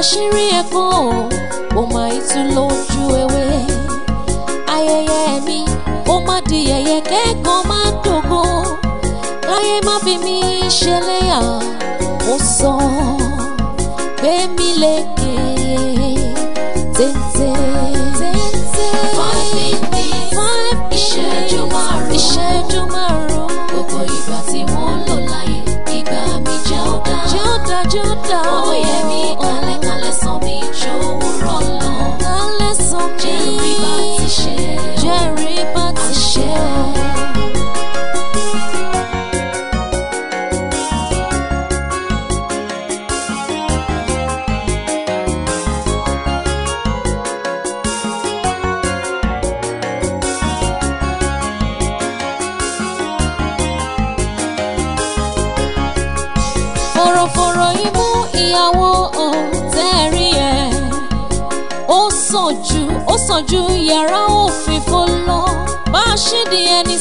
àṣírí ẹ̀kọ́ ó máa tú lójú ewé ayẹyẹ mi ó má di yẹ̀yẹ́ kẹ́kọ̀ọ́ má dògbò láyé má fi mí ṣẹlẹ́yà ó sọ gbé mi lékè tètè.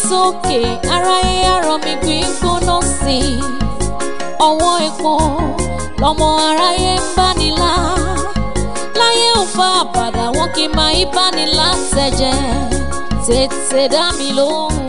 sókè aráyé àrọ̀ mi gbígbóná sí i ọwọ́ epo lọ́mọ aráyé ń bá ní lá láyé ò fa àbàdà wọn kì í máa í bá ní tètè dá mi lóhùn.